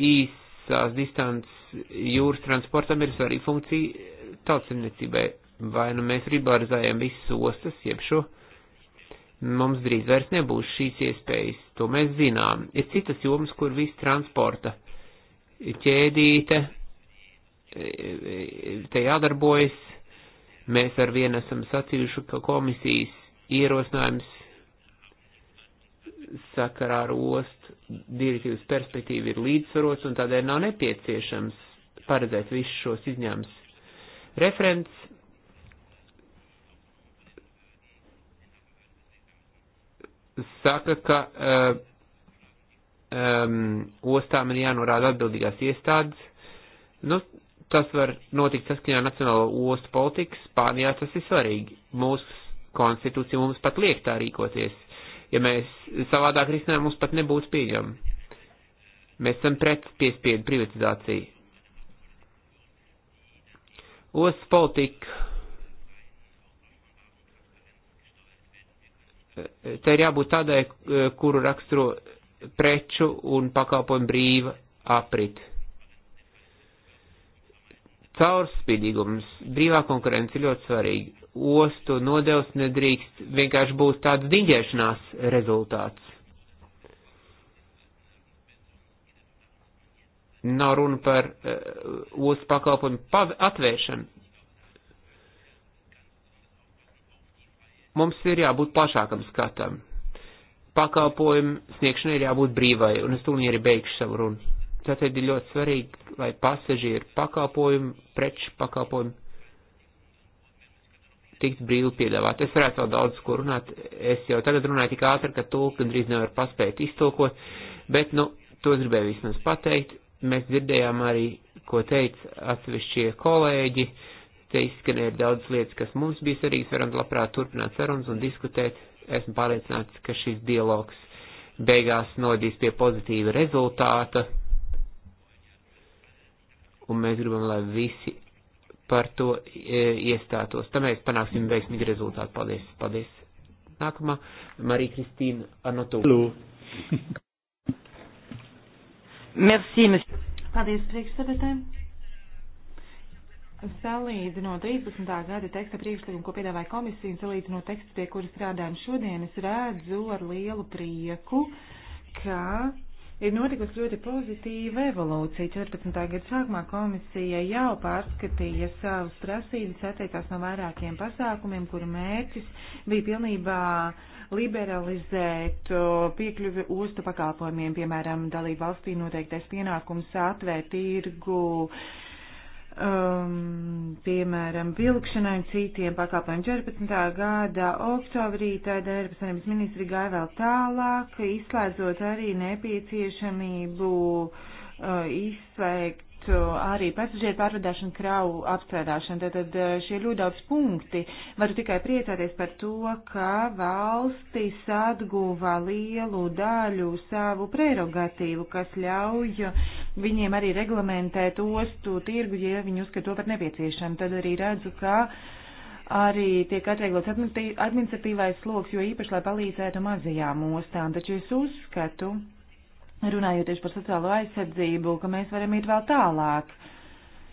īsās distances jūras transportam ir svarīga funkcija tautsemniecībai. Vai nu mēs ribarizējam visas ostas, jeb šo, mums drīz vairs nebūs šīs iespējas, to mēs zinām. Ir citas jomas, kur viss transporta ķēdīte, e, e, te jādarbojas, mēs ar vienu esam sacījuši, ka komisijas ierosinājums sakarā ar ostu direktīvas perspektīvu ir līdzsvarots un tādēļ nav nepieciešams paredzēt visus šos izņēmumus. Referents saka, ka uh, um, ostām ir jānorāda atbildīgās iestādes. Nu, tas var notikt saskaņā nacionālo ostu politikas, Spānijā tas ir svarīgi. Mūsu konstitūcija mums pat liek tā rīkoties ja mēs savādāk risinājumu mums pat nebūtu pieņemami. Mēs esam pret piespiedu privatizāciju. Ostas politika. Tā ir jābūt tādai, kuru raksturo preču un pakalpojumu brīva aprit. Caurspīdīgums, brīvā konkurence ir ļoti svarīga. Ostu nodevs nedrīkst vienkārši būt tāds diņģēšanās rezultāts. Nav runa par uh, ostu pakalpojumu atvēršanu, mums ir jābūt plašākam skatam. Pakalpojumu sniegšanai ir jābūt brīvai, un es tūlīt arī beigšu savu runu. Tātad ir ļoti svarīgi vai pasažieru pakalpojumu, preču pakalpojumu tikt brīvi piedāvāt. Es varētu vēl daudz ko runāt, es jau tagad runāju tik ātri, ka tulka drīz nevar paspēt iztulkot, bet, nu, to gribēju vismaz pateikt. Mēs dzirdējām arī, ko teica atsevišķie kolēģi, te izskanēja daudz lietas, kas mums bija svarīgas, varam labprāt turpināt sarunas un diskutēt. Esmu pārliecināts, ka šis dialogs beigās nodīs pie pozitīva rezultāta un mēs gribam, lai visi par to e, iestātos. Tā mēs panāksim veiksmīgu rezultātu. Paldies, paldies. Nākamā Marija Kristīna Anotu. Merci, monsieur. Paldies, priekšsēdētājiem. Salīdzinot 13. gada teksta priekšlikumu, ko piedāvāja komisija, un salīdzinot tekstu, pie kura strādājam šodien, es redzu ar lielu prieku, ka ir notikusi ļoti pozitīva evolūcija. 14. gada sākumā komisija jau pārskatīja savas prasības, atteicās no vairākiem pasākumiem, kuru mērķis bija pilnībā liberalizēt piekļuvi ostu pakalpojumiem, piemēram, dalību valstī noteiktais pienākums atvērt tirgu um, piemēram, vilkšanai un citiem pakalpojumiem. 14. gada oktobrī tad Eiropas Savienības ministri gāja vēl tālāk, izslēdzot arī nepieciešamību uh, izslēgt būtu arī pasažieru pārvadāšana, kravu apstrādāšana. Tātad eh, šie ir ļoti daudz punkti. Varu tikai priecāties par to, ka valstis atguva lielu daļu savu prerogatīvu, kas ļauj viņiem arī reglamentēt ostu tirgu, ja viņi uzskata to par nepieciešamu. Tad arī redzu, ka arī tiek atvieglots administratīvais sloks, jo īpaši, lai palīdzētu mazajām ostām. Taču es uzskatu, runājot tieši par sociālo aizsardzību, ka mēs varam iet vēl tālāk.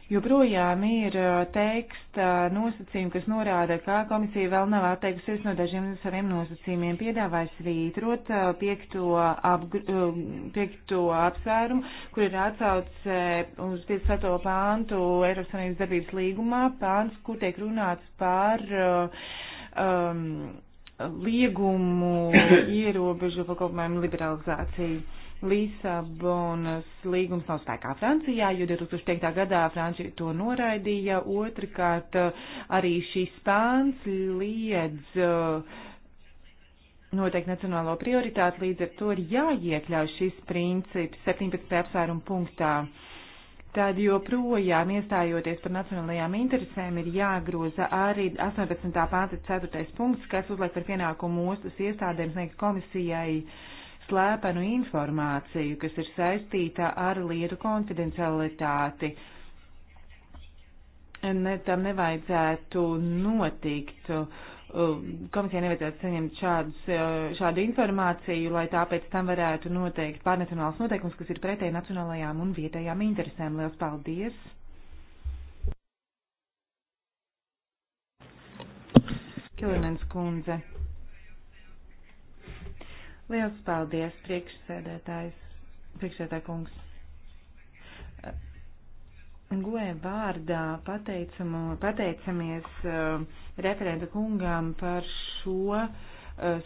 Joprojām ir uh, teksta uh, nosacījumi, kas norāda, ka komisija vēl nav atteikusies no dažiem no saviem nosacījumiem, piedāvāja svītrot uh, piekto, apgr, um, piekto apsvērumu, kur ir atsauce uz 57. pāntu Eiropas Savienības darbības līgumā, pāns, kur tiek runāts par um, liegumu *coughs* ierobežu pakalpojumu liberalizāciju. Lisabonas līgums nav spēkā Francijā, jo 2005. gadā Francija to noraidīja. Otrakārt, arī šis pāns liedz uh, noteikti nacionālo prioritāti, līdz ar to ir jāiekļauj šis princips 17. apsvērumu punktā. Tad joprojām iestājoties par nacionālajām interesēm ir jāgroza arī 18. pānta 4. punkts, kas uzliek par pienākumu ostas iestādēm sniegt komisijai uh, slēpenu informāciju, kas ir saistīta ar lietu konfidencialitāti. Ne, tam nevajadzētu notikt. Uh, Komisija nevajadzētu saņemt šādus, uh, šādu informāciju, lai tāpēc tam varētu noteikt pārnacionāls noteikums, kas ir pretēji nacionālajām un vietējām interesēm. Lielas paldies! Kilinens kundze. Liels paldies, priekšsēdētājs, priekšsēdētāj kungs. Uh, Goja vārdā pateicamies uh, referenta kungām par šo uh,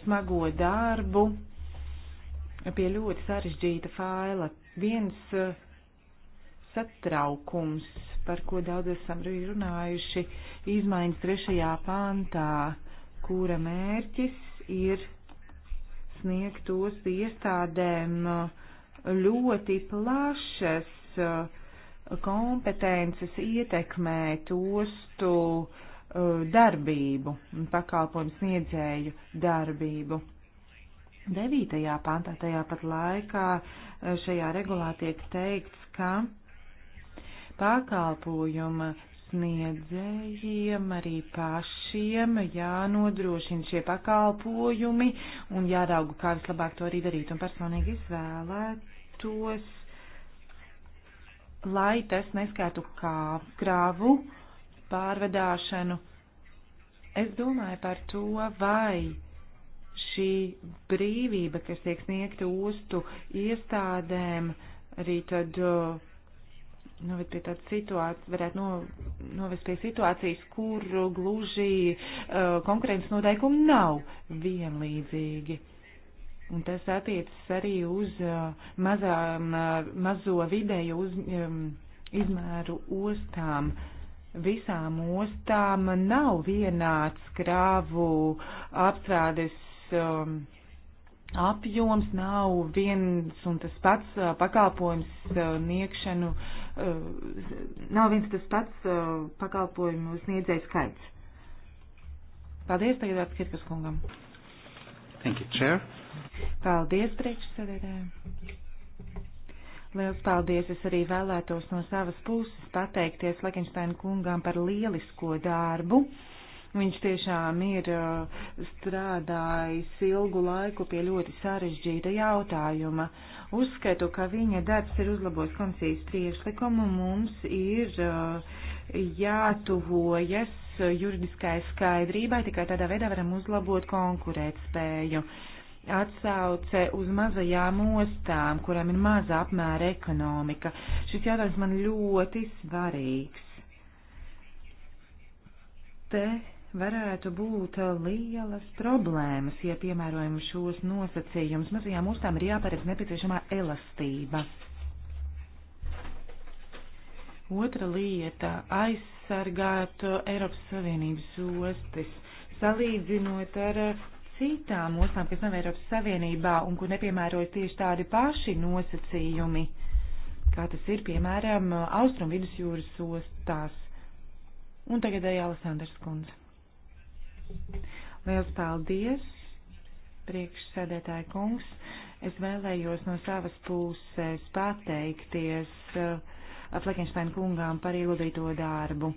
smago darbu pie ļoti sarežģīta faila. Viens uh, satraukums, par ko daudz esam runājuši, izmaiņas trešajā pantā, kura mērķis ir sniegtos iestādēm uh, ļoti plašas uh, kompetences ietekmē tostu uh, darbību, pakalpojumu sniedzēju darbību. 9. pantā tajā pat laikā šajā regulā tiek teikts, ka pakalpojuma sniedzējiem arī pašiem jānodrošina šie pakalpojumi un jārauga, kā vislabāk to arī darīt. Un personīgi izvēlētos, lai tas neskaitu kā kravu pārvedāšanu. Es domāju par to, vai šī brīvība, kas tiek sniegta ostu iestādēm, arī tad. Uh, noved pie tādas situācijas, varētu no, novest pie situācijas, kur gluži uh, konkurences noteikumi nav vienlīdzīgi. Un tas attiecas arī uz uh, mazām, uh, mazo vidēju uz, um, izmēru ostām. Visām ostām nav vienāds krāvu apstrādes. Um, apjoms nav viens un tas pats pakalpojums sniegšanu uh, Eh, nav viens tas pats eh, pakalpojumu sniedzēju skaits. Paldies, tagad vārds Kirkas kungam. Thank you, Chair. Paldies, priekšsēdētājiem. Liels paldies! Es arī vēlētos no savas puses pateikties Lekinšteina kungām par lielisko darbu. Uh, Viņš tiešām ir uh, strādājis ilgu laiku pie ļoti sarežģīta jautājuma. Uzskatu, ka viņa darbs ir uzlabos komisijas priešlikumu. Mums ir uh, jātuvojas juridiskai skaidrībai, tikai tādā veidā varam uzlabot konkurētspēju. Atsauce uz mazajām ostām, kurām ir maza apmēra ekonomika. Šis jautājums man ļoti svarīgs. Te varētu būt eh, lielas problēmas, ja piemērojam šos nosacījumus. Mazajām ostām ir jāparedz nepieciešamā elastība. Otra lieta - aizsargāt eh, Eiropas Savienības ostis, salīdzinot ar eh, citām ostām, kas nav Eiropas Savienībā un kur nepiemērojas tieši tādi paši nosacījumi, kā tas ir, piemēram, Austrumvidusjūras ostās. Un tagad ej Alessandrs Kundze. Liels paldies, priekšsēdētāja kungs. Es vēlējos no savas puses pateikties uh, eh, Flekenšteina kungām par ieguldīto darbu.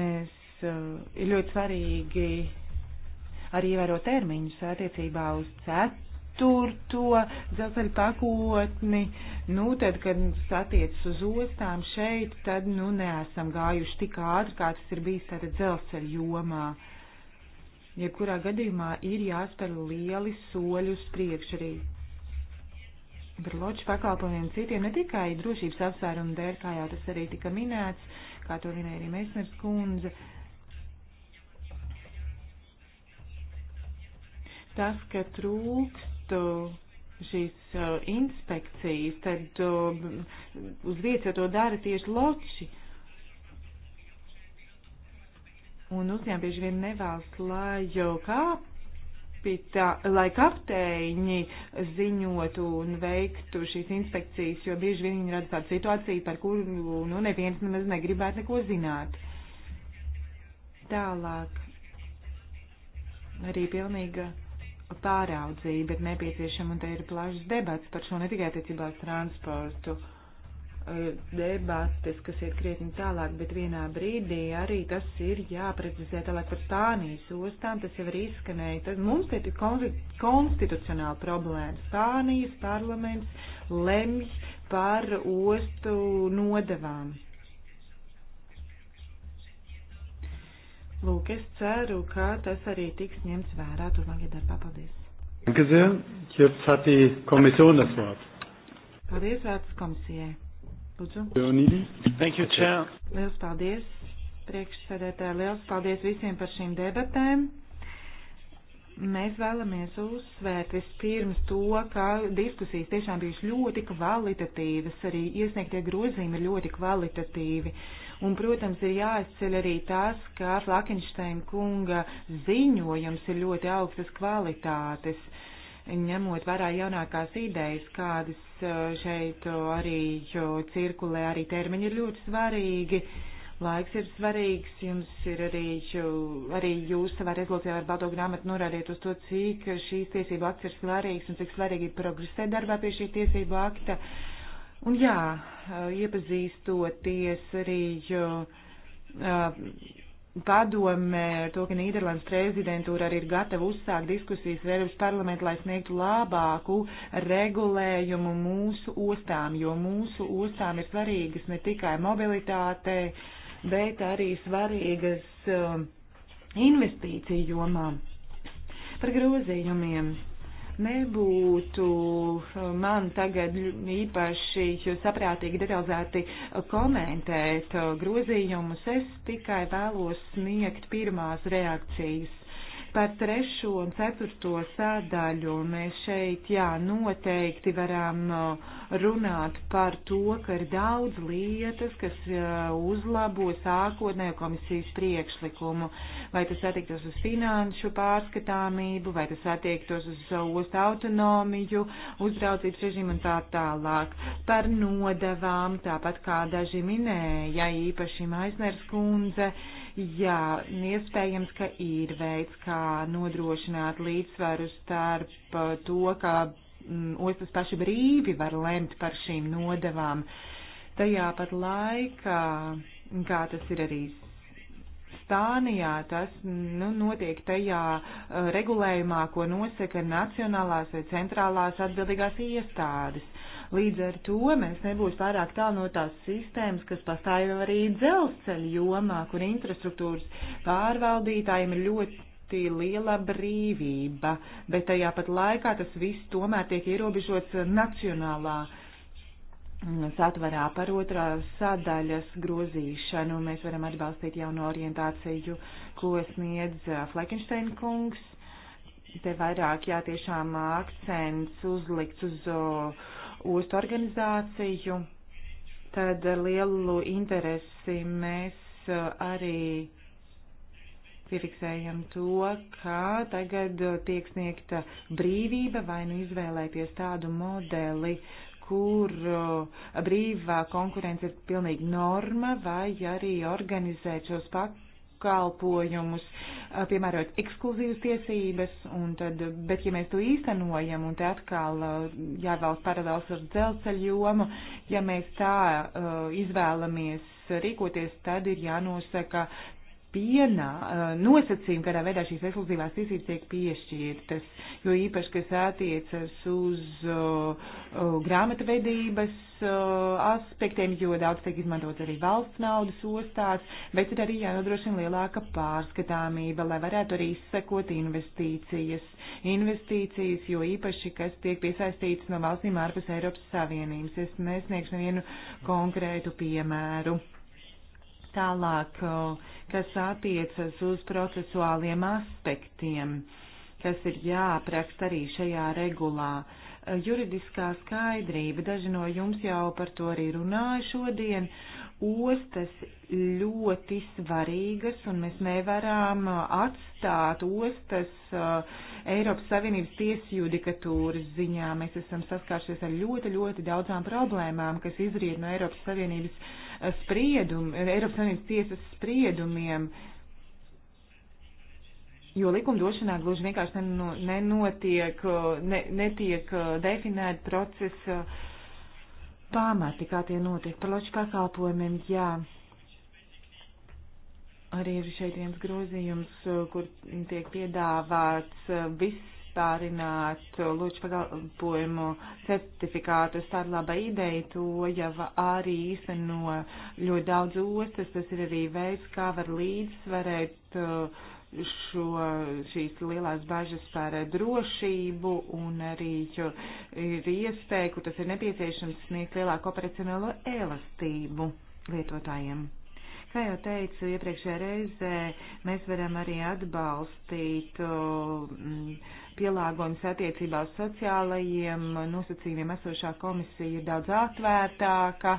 Mēs uh, ir ļoti svarīgi arī ievērot termiņus attiecībā uz ceturto dzelzceļa pakotni. Nu, tad, kad attiecas uz ostām šeit, tad, nu, neesam gājuši tik ātri, kā tas ir bijis tātad dzelzceļa jomā. Uh, Jebkurā gadījumā ir jāspēr lieli soļi uz priekšu arī. Par loģu pakalpojumiem citiem ne tikai drošības apsvērumu dēļ, kā jau tas arī tika minēts, kā to minēja arī Mēsners kundze. Tas, ka trūkst šīs uh, inspekcijas, tad uh, uz vietas to dara tieši loģi Un uzņēmumi bieži vien nevēlas, lai kapitā, lai kapteiņi ziņotu un veiktu šīs inspekcijas, jo bieži vien viņi redz tādu situāciju, par kuru nu, neviens nemaz negribētu neko zināt. Tālāk arī pilnīga pāraudzība ir nepieciešama, un te ir plašs debats par šo ne tikai attiecībā uz transportu. Uh, Eh, debates, kas iet krietni tālāk, bet vienā brīdī arī tas ir jāprecizē tālāk par Spānijas ostām, tas jau ir izskanēja. Tad mums te ir konstitucionāla problēma. Spānijas parlaments lemj par ostu nodevām. Lūk, es ceru, ka tas arī tiks ņemts vērā turpmākajā darbā. Paldies! Danke sehr. Jetzt hat die Kommission das Wort. Paldies, Vērts komisijai. Lūdzu. Thank you, Chair. Liels paldies, priekšsēdētāji. Liels paldies visiem par šīm debatēm. Mēs vēlamies uzsvērt vispirms to, ka diskusijas tiešām bijušas ļoti kvalitatīvas, arī iesniegtie grozījumi ir ļoti kvalitatīvi. Un, protams, ir jāizceļ arī tas, ka Flakensteina kunga ziņojums ir ļoti augstas kvalitātes. Uh, ņemot vērā jaunākās idejas, kādas eh, šeit arī cirkulē, arī termiņi ir ļoti svarīgi. Laiks ir svarīgs, jums ir arī, arī jūs savā rezolūcijā ar balto grāmatu norādiet uz to, cik šīs tiesību akts ir svarīgs un cik svarīgi ir progresēt darbā pie šī tiesību akta. Un jā, eh, iepazīstoties arī. Uh, padome ar to, ka Nīderlandes prezidentūra arī ir gatava uzsākt diskusijas Eiropas parlamentu, lai sniegtu labāku regulējumu mūsu ostām, jo mūsu ostām ir svarīgas ne tikai mobilitāte, bet arī svarīgas um, investīciju jomā. Par grozījumiem nebūtu eh, man tagad īpaši saprātīgi detalizēti eh, komentēt eh, grozījumus. Es tikai vēlos sniegt pirmās reakcijas Par trešo un ceturto sādaļu mēs šeit, jā, noteikti varam runāt par to, ka ir daudz lietas, kas uzlabo sākotnējo komisijas priekšlikumu. Vai tas attiektos uz finanšu pārskatāmību, vai tas attiektos uz ostu autonomiju, uzraudzības režīmu un tā tālāk. Par nodevām, tāpat kā daži minēja, īpaši Maisners kundze Jā, iespējams, ka ir veids, kā nodrošināt līdzsvaru starp uh, to, ka mm, ostas paši brīvi var lemt par šīm nodevām. Tajā pat laikā, kā tas ir arī Stānijā, tas nu, notiek tajā uh, regulējumā, ko nosaka nacionālās vai centrālās atbildīgās iestādes Līdz ar to mēs nebūs pārāk tālu no tās sistēmas, kas pastāv arī dzelzceļa jomā, kur infrastruktūras pārvaldītājiem ir ļoti liela brīvība, bet tajā pat laikā tas viss tomēr tiek ierobežots nacionālā satvarā par otrās sadaļas grozīšanu. Mēs varam atbalstīt jauno orientāciju, ko sniedz Fleckensteina kungs. Te vairāk jātiešām akcents uzlikts uz ostu organizāciju, tad ar lielu interesi mēs uh, arī pieriksējam to, kā tagad tiek sniegta brīvība vai nu izvēlēties tādu modeli, kur uh, brīvā konkurence ir pilnīgi norma, vai arī organizēt šos pak pakalpojumus, piemērot ekskluzīvas tiesības, un tad, bet ja mēs to īstenojam, un te atkal jāvelk paralēls ar dzelzceļu jomu, ja mēs tā izvēlamies rīkoties, tad ir jānosaka pienā, uh, nosacījumi, kādā veidā šīs ekskluzīvās tiesības tiek piešķirtas, jo īpaši, kas attiecas uz uh, uh, grāmatvedības uh, aspektiem, jo daudz tiek izmantot arī valsts naudas ostās, bet ir arī jānodrošina lielāka pārskatāmība, lai varētu arī izsekot investīcijas. Investīcijas, jo īpaši, kas tiek piesaistītas no valstīm ārpus Eiropas Savienības. Es nesniegšu nevienu konkrētu piemēru. Tālāk, kas attiecas uz procesuāliem aspektiem, kas ir jāapraksta arī šajā regulā. E, juridiskā skaidrība, daži no jums jau par to arī runāja šodien, ostas ļoti svarīgas un mēs nevaram atstāt ostas e, Eiropas Savienības tiesu judikatūras ziņā. Mēs esam saskāršies ar ļoti, ļoti daudzām problēmām, kas izriet no Eiropas Savienības spriedumi, Eiropas Savienības tiesas spriedumiem, jo likumdošanā gluži vienkārši nenotiek, ne, netiek uh, definēta procesa pamati, kā tie notiek. Par loģu pakalpojumiem, jā arī ir šeit viens grozījums, uh, kur tiek piedāvāts uh, viss vispārināt lūdzu pakalpojumu certifikātus. Tāda laba ideja to jau arī īsteno ļoti daudz ostas. Tas ir arī veids, kā var līdzsvarēt uh, šo, šīs lielās bažas par drošību un arī ir iespēju, ka tas ir nepieciešams sniegt lielāku operacionālo elastību lietotājiem. Kā jau teicu, iepriekšējā reizē mēs varam arī atbalstīt mm, pielāgojums attiecībā uz sociālajiem nosacījumiem esošā komisija ir daudz atvērtāka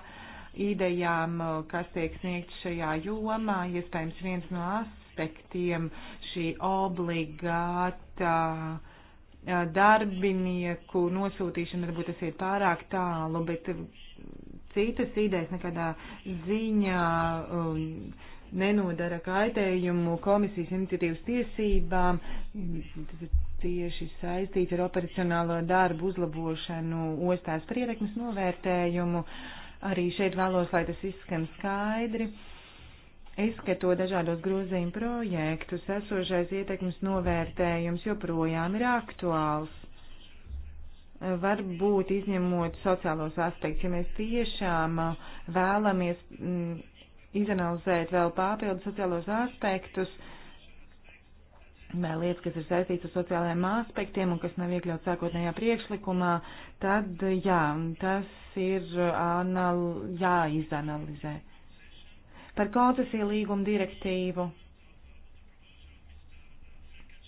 idejām, kas tiek sniegt šajā jomā. Iespējams, viens no aspektiem šī obligāta eh, darbinieku nosūtīšana, varbūt tas ir pārāk tālu, bet citas idejas, nekādā ziņā um, nenodara kaitējumu komisijas iniciatīvas tiesībām. Tas ir tieši saistīts ar operacionālo darbu uzlabošanu ostās par ietekmes novērtējumu. Arī šeit vēlos, lai tas izskan skaidri. Izskatot dažādos grozījuma projektus, esošais ietekmes novērtējums joprojām ir aktuāls varbūt izņemot sociālos aspektus, ja mēs tiešām uh, vēlamies mm, izanalizēt vēl papildu sociālos aspektus, vēl lietas, kas ir saistītas ar sociālajiem aspektiem un kas nav iekļauts sākotnējā priekšlikumā, tad jā, tas ir uh, anal jāizanalizē. Par koncesiju līgumu direktīvu.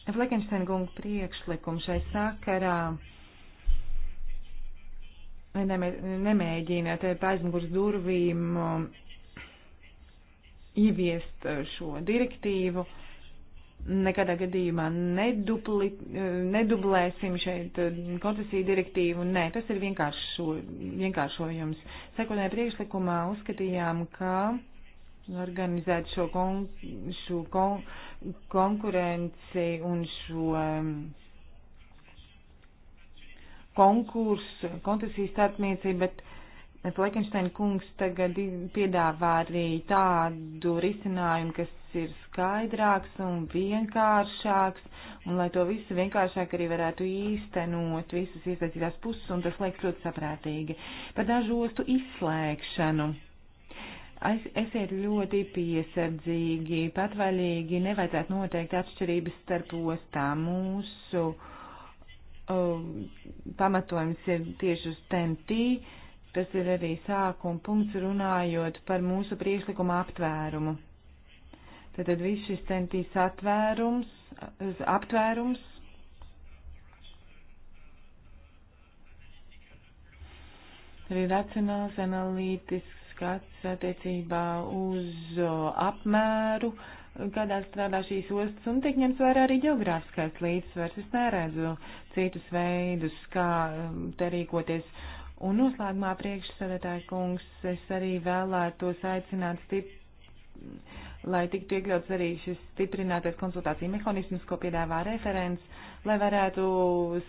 Flekensteina kungu priekšlikumu šai sakarā nemēģina te aizmugurs durvīm um, ieviest uh, šo direktīvu. Nekādā gadījumā nedupli, uh, nedublēsim šeit uh, koncesiju direktīvu. Nē, tas ir vienkāršo, vienkāršojums. Sekundē priekšlikumā uzskatījām, ka organizēt šo, kon, šo kon, konkurenci un šo. Um, konkursu, koncesijas starpniecību, bet Flekensteina kungs tagad piedāvā arī tādu risinājumu, kas ir skaidrāks un vienkāršāks, un lai to visu vienkāršāk arī varētu īstenot visas iesaistītās puses, un tas liekas ļoti saprātīgi. Par dažu ostu izslēgšanu. Es, esiet ļoti piesardzīgi, patvaļīgi, nevajadzētu noteikt atšķirības starp ostām mūsu. Uh, Um, pamatojums ir tieši uz TNT. Tas ir arī sākuma punkts runājot par mūsu priekšlikuma aptvērumu. Tātad viss šis centīs atvērums, aptvērums. Arī racionāls analītisks skats attiecībā uz apmēru, uh, gadā strādā šīs ostas un tiek ņemts vērā arī geogrāfiskais līdzsvars. Es neredzu citus veidus, kā um, te rīkoties. Un noslēgumā priekšsēdētāja kungs, es arī vēlētos aicināt stip, lai tiktu iekļauts arī šis stiprinātais konsultāciju mehānisms, ko piedāvā referents, lai varētu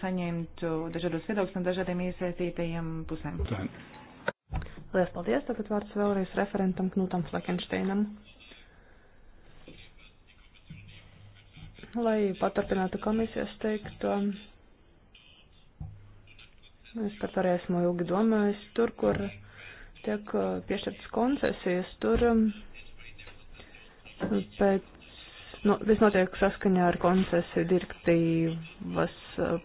saņemt dažādos viedokļus no dažādiem iesaistītajiem pusēm. Lielas paldies, tagad vārds vēlreiz referentam Knūtam Flekenšteinam. Lai paturpinātu komisijas teikto, es par to arī esmu ilgi domājis. Tur, kur tiek uh, piešķirtas koncesijas, tur um, pēc, nu, viss notiek saskaņā ar koncesiju direktīvas uh,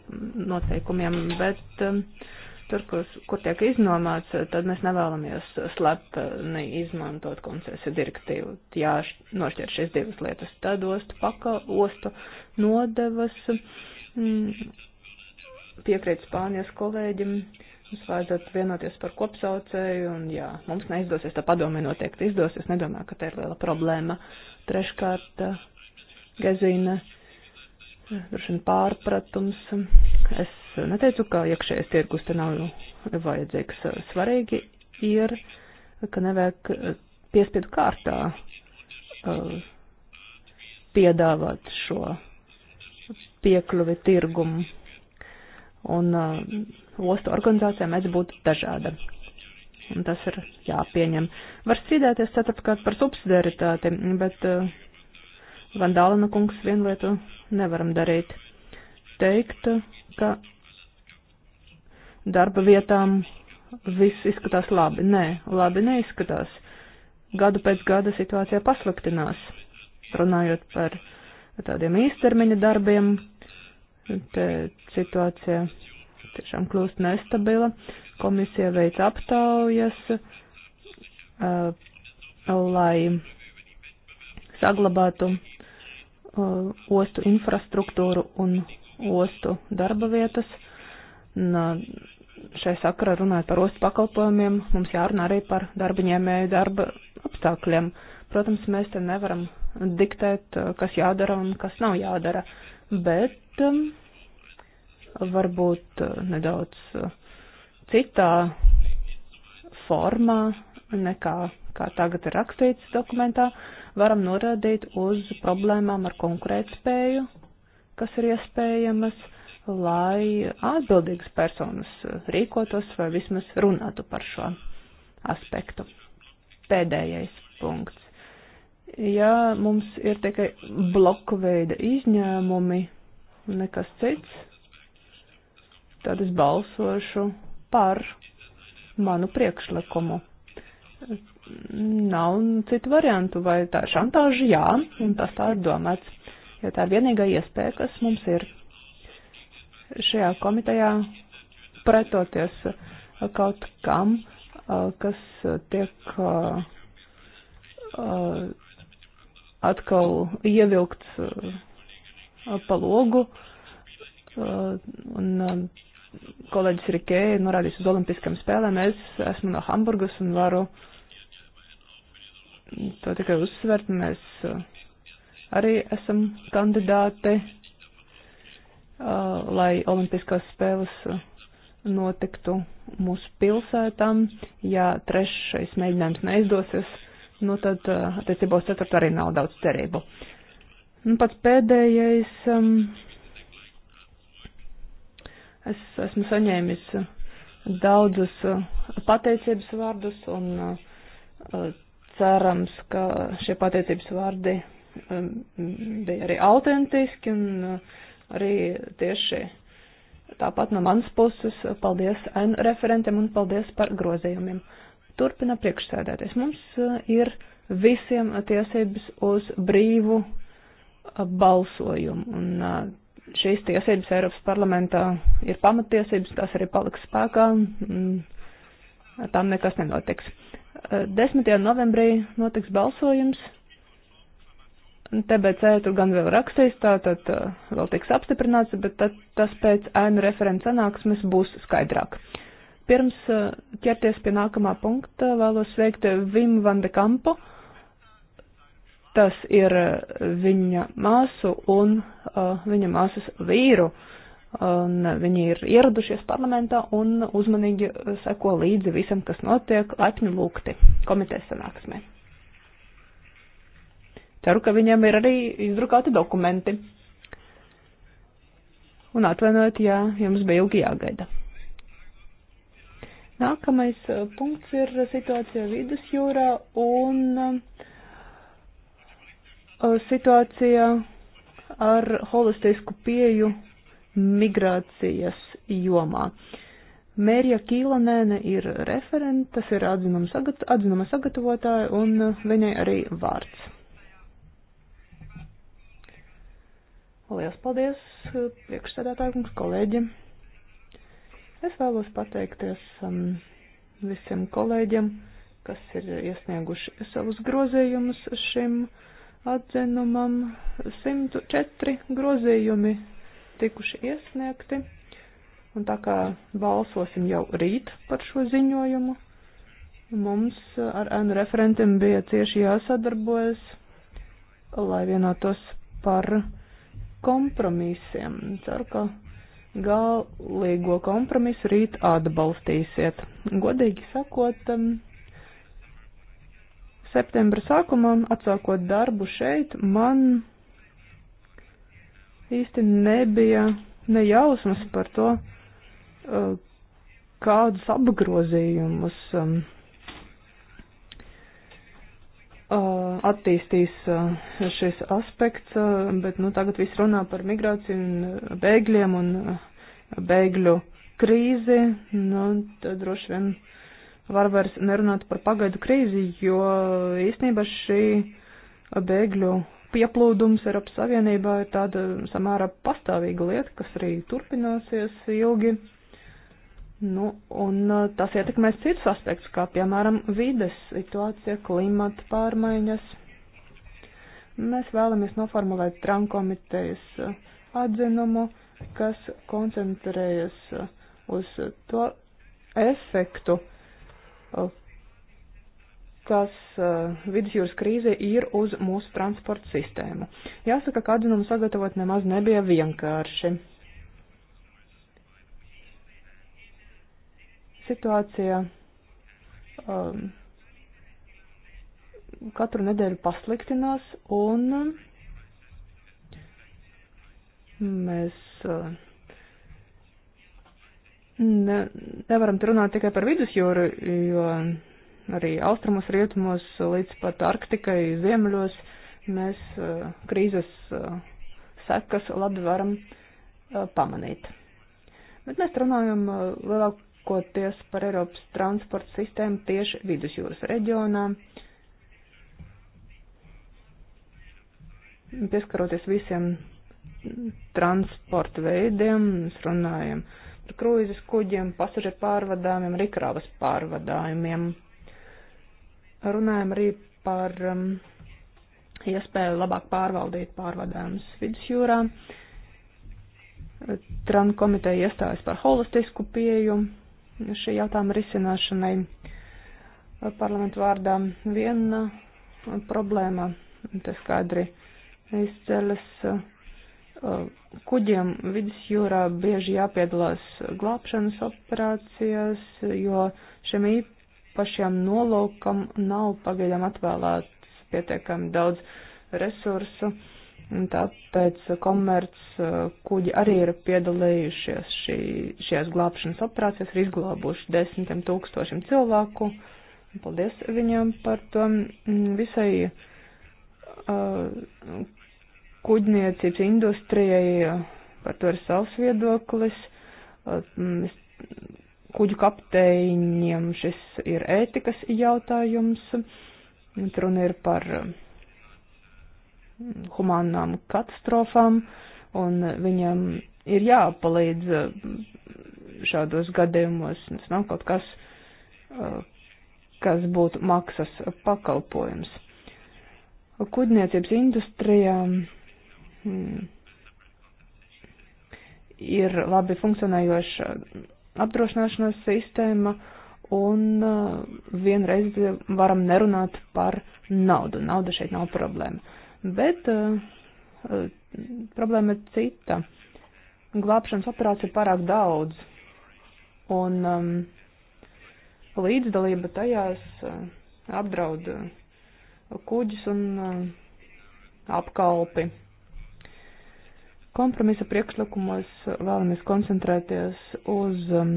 noteikumiem, bet um, Tur, kur, kur tiek iznomāts, tad mēs nevēlamies slepni izmantot koncesiju direktīvu. Jā, nošķiet šīs divas lietas. Tad ostu paka, ostu nodevas. Mm, piekrīt Spānijas kolēģim. Mums vajadzētu vienoties par kopsaucēju, un jā, mums neizdosies, tā padomē noteikti izdosies, nedomāju, ka tā ir liela problēma. Treškārt, eh, Gezīna, droši vien pārpratums, es neteicu, ka iekšējais tirgus te nav vajadzīgs. Svarīgi ir, ka nevajag piespiedu kārtā uh, piedāvāt šo piekļuvi tirgumu. Un uh, ostu organizācijām mēdz būt dažāda. Un tas ir jāpieņem. Var strīdēties ceturtkārt par subsidiaritāti, bet uh, Vandālina kungs vienu lietu nevaram darīt. Teikt, ka darba vietām viss izskatās labi. Nē, labi neizskatās. Gadu pēc gada situācija pasliktinās. Runājot par tādiem īstermiņa darbiem, te situācija tiešām kļūst nestabila. Komisija veic aptaujas, uh, lai saglabātu uh, ostu infrastruktūru un ostu darba vietas. Un, šai sakarā runājot par ostu pakalpojumiem, mums jārunā arī par darbaņēmēju darba apstākļiem. Protams, mēs te nevaram diktēt, kas jādara un kas nav jādara, bet um, varbūt nedaudz citā formā nekā kā tagad ir rakstīts dokumentā, varam norādīt uz problēmām ar konkurētspēju, kas ir iespējamas lai atbildīgas personas rīkotos vai vismaz runātu par šo aspektu. Pēdējais punkts. Ja mums ir tikai bloku veida izņēmumi, nekas cits, tad es balsošu par manu priekšlikumu. Nav citu variantu, vai tā ir šantāža, jā, un tas tā ir domāts, jo tā ir vienīgā iespēja, kas mums ir šajā komitejā pretoties kaut kam, kas tiek atkal ievilkts pa logu. Un kolēģis Rikē norādījis uz olimpiskām spēlēm. Es esmu no Hamburgas un varu to tikai uzsvert. Mēs arī esam kandidāti Uh, lai Olimpiskās spēles uh, notiktu mūsu pilsētām. Ja trešais mēģinājums neizdosies, nu tad uh, attiecībā uz ceturto arī nav daudz cerību. Un nu, pats pēdējais. Um, es esmu saņēmis daudzus pateicības vārdus un cerams, ka šie pateicības vārdi um, bija arī autentiski un uh, arī tieši tāpat no manas puses paldies N referentiem un paldies par grozījumiem. Turpina priekšsēdēties. Mums uh, ir visiem tiesības uz brīvu uh, balsojumu. Un uh, šīs tiesības Eiropas parlamentā ir pamatiesības, tās arī paliks spēkā. Tām mm, nekas nenotiks. 10. novembrī notiks balsojums. TBC tur gan vēl rakstīs, tā tad uh, vēl tiks apstiprināts, bet tad, tas pēc ēnu referents sanāksmes būs skaidrāk. Pirms uh, ķerties pie nākamā punkta, vēlos sveikt Vim van de Kampo. Tas ir uh, viņa māsu un uh, viņa māsas vīru. Un viņi ir ieradušies parlamentā un uzmanīgi seko līdzi visam, kas notiek, laipni lūgti komitejas sanāksmē. Ceru, ka viņiem ir arī izdrukāti dokumenti. Un atvainojiet, ja jums bija ilgi jāgaida. Nākamais eh, punkts ir situācija vidusjūrā un eh, situācija ar holistisku pieju migrācijas jomā. Mērija Kīlanēne ir referenta, tas ir atzinuma sagat, sagatavotāja un eh, viņai arī vārds. Lielas paldies, priekšsēdētāji kungs, kolēģi. Es vēlos pateikties um, visiem kolēģiem, kas ir iesnieguši savus grozījumus šim atzinumam. 104 grozījumi tikuši iesniegti, un tā kā balsosim jau rīt par šo ziņojumu, mums ar N referentiem bija cieši jāsadarbojas, lai vienotos par kompromisiem. Ceru, ka galīgo kompromisu rīt atbalstīsiet. Godīgi sakot, septembra sākumā, atsākot darbu šeit, man īsti nebija nejausmas par to, eh, kādus apgrozījumus um, attīstīs šis aspekts, bet nu, tagad viss runā par migrāciju un bēgļiem un bēgļu krīzi. Nu, tad droši vien var vairs nerunāt par pagaidu krīzi, jo īstenībā šī bēgļu pieplūdums Eiropas Savienībā ir tāda samērā pastāvīga lieta, kas arī turpināsies ilgi. Nu, un eh, tas ietekmēs citus aspektus, kā piemēram vides situācija, klimata pārmaiņas. Mēs vēlamies noformulēt trankomitejas eh, atzinumu, kas koncentrējas eh, uz to efektu, kas vidusjūras krīze ir uz mūsu transporta sistēmu. Jāsaka, ka atzinumu sagatavot nemaz nebija vienkārši Situācija um, katru nedēļu pasliktinās un um, mēs uh, ne, nevaram te runāt tikai par vidusjūru, jo arī austrumos, rietumos līdz pat Arktikai, ziemeļos mēs uh, krīzes uh, sekas labi varam uh, pamanīt. Bet mēs runājam uh, lielāku koties par Eiropas transporta sistēmu tieši vidusjūras reģionā, pieskaroties visiem transporta veidiem, mēs runājam par krūzes kuģiem, pasažieru pārvadājumiem, rikrāvas pārvadājumiem. Runājam arī par um, iespēju labāk pārvaldīt pārvadājumus vidusjūrā. Tran komiteja iestājas par holistisku pieeju šī jautājuma risināšanai parlamentu vārdā. Viena problēma, tas skaidri izceļas, uh, kuģiem vidusjūrā bieži jāpiedalās glābšanas operācijās, jo šiem īpašiem nolūkam nav pagaidām atvēlēts pietiekami daudz resursu. Uh, Tāpēc komerc uh, kuģi arī ir piedalījušies šī, šajās glābšanas operācijās, ir izglābuši desmitiem tūkstošiem cilvēku. Paldies viņiem par to mm, visai uh, kuģniecības industrijai, uh, par to ir savs viedoklis. Uh, mm, kuģu kapteiņiem šis ir ētikas jautājums. Runa ir par uh, humanām katastrofām, un viņam ir jāpalīdz eh, šādos gadījumos. Tas nav kaut kas, eh, kas būtu maksas pakalpojums. Kuģniecības industrijā hmm, ir labi funkcionējoša apdrošināšanas sistēma, un eh, vienreiz varam nerunāt par naudu. Nauda šeit nav problēma bet uh, problēma ir cita. Glābšanas operācija ir pārāk daudz, un um, līdzdalība tajās uh, apdraud uh, kuģis un uh, apkalpi. Kompromisa priekšlikumos vēlamies koncentrēties uz um,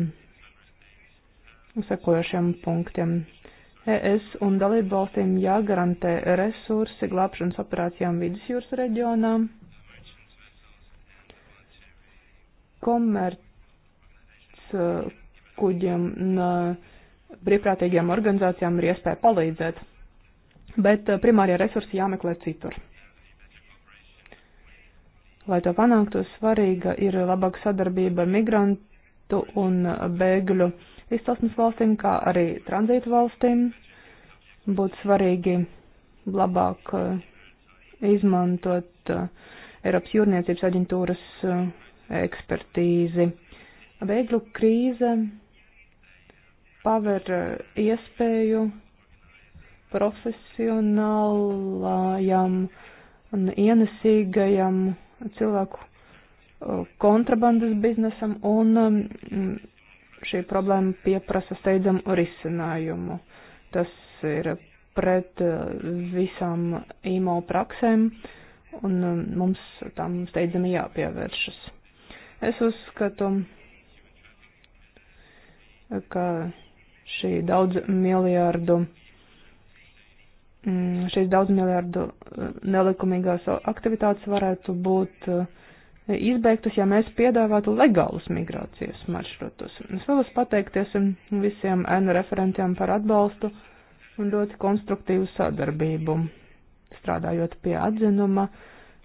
sekojošiem punktiem. Uh, ES un dalību valstīm jāgarantē resursi glābšanas operācijām vidusjūras reģionā. Komerc e, kuģiem un e, brīvprātīgiem organizācijām ir iespēja palīdzēt, bet e, primārie resursi jāmeklē citur. Lai to panāktu, svarīga ir labāka sadarbība migrantu un bēgļu izcelsmes valstīm, kā arī tranzītu valstīm. Būtu svarīgi labāk eh, izmantot eh, Eiropas jūrniecības aģentūras eh, ekspertīzi. Bēgļu krīze paver iespēju profesionālajam un ienesīgajam cilvēku kontrabandas biznesam un mm, šī problēma pieprasa steidzamu risinājumu. Tas ir pret uh, visām īmo praksēm, un um, mums tam steidzami jāpievēršas. Es uzskatu, ka šī daudz miljārdu, mm, šīs daudz miljārdu uh, nelikumīgās aktivitātes varētu būt uh, izbeigtas, ja mēs piedāvātu legālus migrācijas maršrutus. Es vēlos pateikties visiem N referentiem par atbalstu un ļoti konstruktīvu sadarbību. Strādājot pie atzinuma,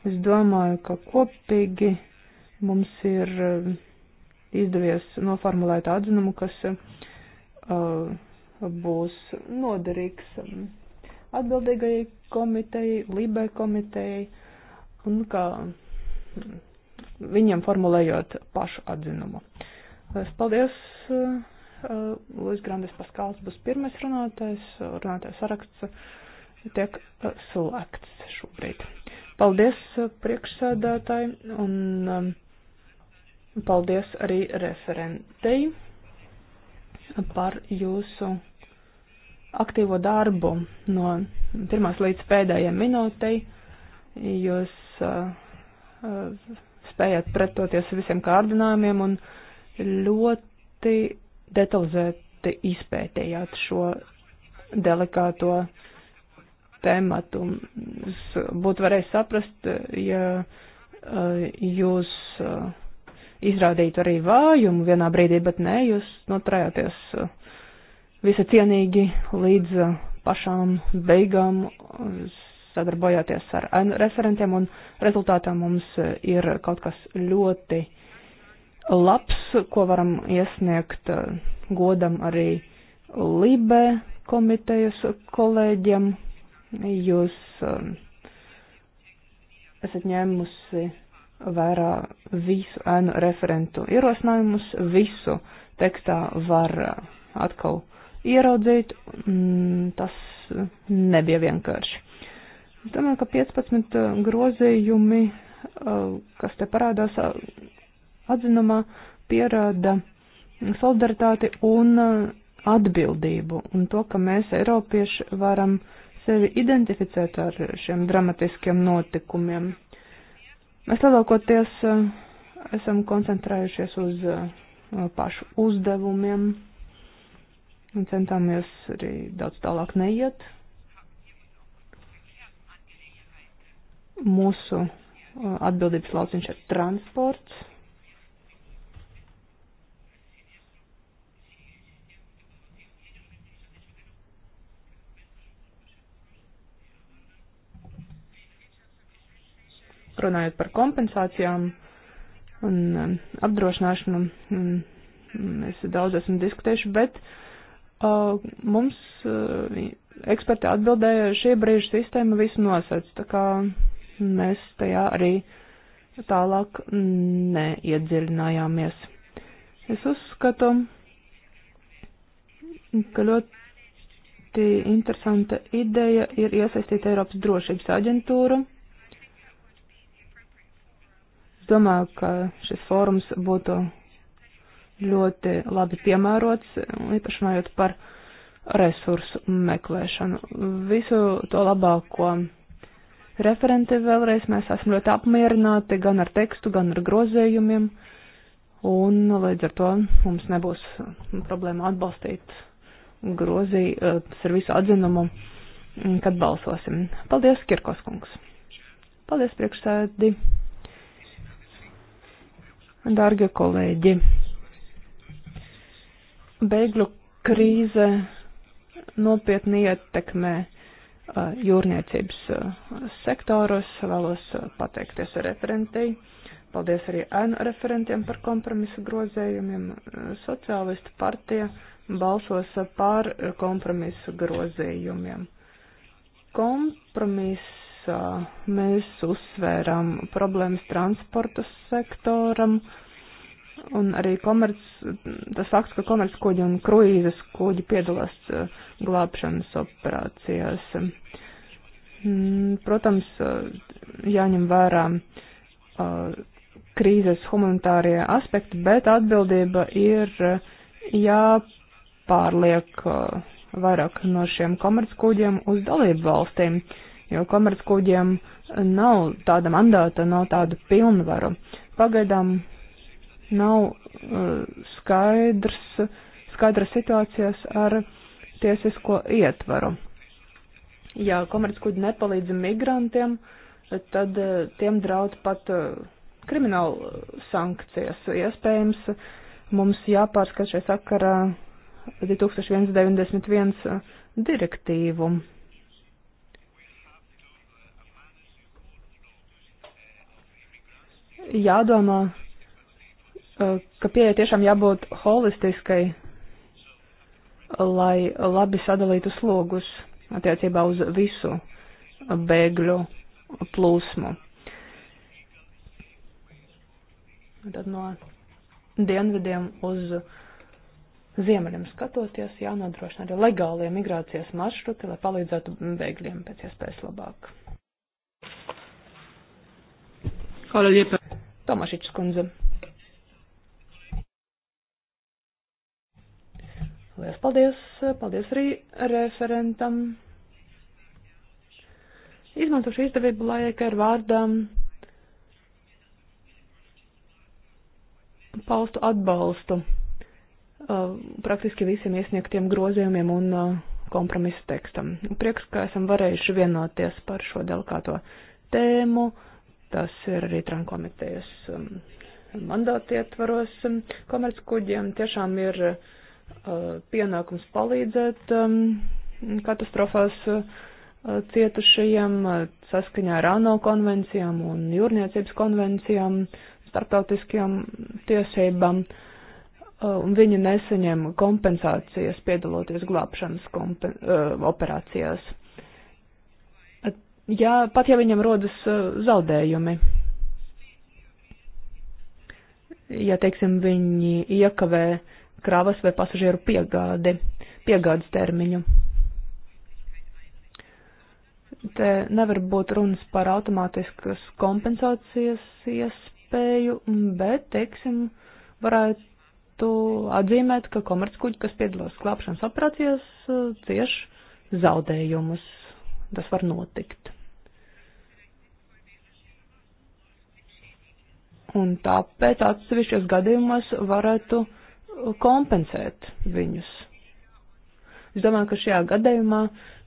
es domāju, ka kopīgi mums ir eh, izdevies noformulēt atzinumu, kas uh, būs noderīgs eh, atbildīgajai komitejai, Libai komitejai un kā viņiem formulējot pašu atzinumu. Es paldies, eh, eh, Luis Grandes Paskals būs pirmais runātājs, runātājs saraksts tiek eh, slēgts šobrīd. Paldies priekšsēdētāji un paldies arī referentei par jūsu aktīvo darbu no pirmās līdz pēdējiem minūtei. Jūs uh, uh, spējāt pretoties visiem kārdinājumiem un ļoti detalizēti izpētījāt šo delikāto tematu. Es būtu varējis saprast, ja eh, jūs eh, izrādītu arī vājumu vienā brīdī, bet nē, jūs noturējāties eh, visa cienīgi līdz pašām beigām. Es sadarbojoties ar referentiem, un rezultātā mums e, ir kaut kas ļoti labs, ko varam iesniegt e, godam arī Libe komitejas kolēģiem. Jūs e, esat ņēmusi vērā visu ēnu referentu ierosinājumus, visu tekstā var atkal ieraudzīt. Tas nebija vienkārši. Es domāju, ka 15 eh, grozījumi, eh, kas te parādās eh, atzinumā, pierāda solidaritāti un atbildību un to, ka mēs, Eiropieši, varam sevi identificēt ar šiem dramatiskiem notikumiem. Mēs lielākoties esam koncentrējušies uz pašu uzdevumiem un centāmies arī daudz tālāk neiet, mūsu uh, atbildības lauciņš ir transports. Runājot par kompensācijām un um, apdrošināšanu, mēs daudz esam diskutējuši, bet uh, mums uh, eksperti atbildēja, šī brīža sistēma visu nosacīja mēs tajā arī tālāk neiedziļinājāmies. Es uzskatu, ka ļoti interesanta ideja ir iesaistīt Eiropas drošības aģentūru. Es domāju, ka šis fórums būtu ļoti labi piemērots, īpaši runājot par resursu meklēšanu. Visu to labāko referente vēlreiz. Mēs esam ļoti apmierināti gan ar tekstu, gan ar grozējumiem. Un līdz ar to mums nebūs mm, problēma atbalstīt grozī ar eh, visu atzinumu, mm, kad balsosim. Paldies, Kirkos kungs. Paldies, priekšsēdi. Dārgie kolēģi. Bēgļu krīze nopietni ietekmē Eh, jūrniecības eh, sektorus. Vēlos eh, pateikties referentei. Paldies arī ēnu referentiem par kompromisu grozējumiem. Sociālistu partija balsos par kompromisu grozējumiem. Kompromisa mēs uzsvērām problēmas transporta sektoram un arī komerc, tas fakts, ka komerc kuģi un kruīzes kuģi piedalās uh, glābšanas operācijās. Mm, protams, jāņem vērā krīzes humanitārie aspekti, bet atbildība ir jāpārliek vairāk no šiem komerckuģiem uz dalību valstīm, jo komerckuģiem nav tāda mandāta, nav tādu pilnvaru. Pagaidām nav uh, skaidrs, skaidra situācijas ar uh, tiesisko ietvaru. Ja komerckuģi nepalīdz migrantiem, tad eh, tiem draud pat eh, kriminālu sankcijas. Iespējams, mums jāpārskat šai sakarā 2191 eh, direktīvu. Jādomā, ka pieeja tiešām jābūt holistiskai lai labi sadalītu slogus attiecībā uz visu bēgļu plūsmu. Tad no dienvidiem uz ziemeļiem skatoties jānodrošina arī legālie migrācijas maršruti, lai palīdzētu bēgļiem pēc iespējas labāk. Hvala lijepa. Tomašić Kunze. Lielas paldies! Paldies arī referentam! Izmantošu izdevību, lai ar vārdām paustu atbalstu uh, praktiski visiem iesniegtiem grozījumiem un uh, kompromisu tekstam. Prieks, ka esam varējuši vienoties par šo delikāto tēmu. Tas ir arī trankomitejas um, mandāti ietvaros. Um, komerckuģiem tiešām ir uh, Eh, pienākums palīdzēt katastrofās eh, cietušajiem eh, saskaņā ar ANO konvencijām un jūrniecības konvencijām, starptautiskajām tiesībām, un viņi nesaņem kompensācijas piedaloties glābšanas kompen operācijās. Ja, pat ja viņam rodas zaudējumi, ja, teiksim, viņi iekavē uh, kravas vai pasažieru piegādi, piegādes termiņu. Te nevar būt runas par automātiskas kompensācijas iespēju, bet, teiksim, varētu atzīmēt, ka komerckuģi, kas piedalās klāpšanas operācijās, cieš zaudējumus. Tas var notikt. Un tāpēc atsevišķos gadījumos varētu uh, kompensēt viņus. Es domāju, ka šajā gadījumā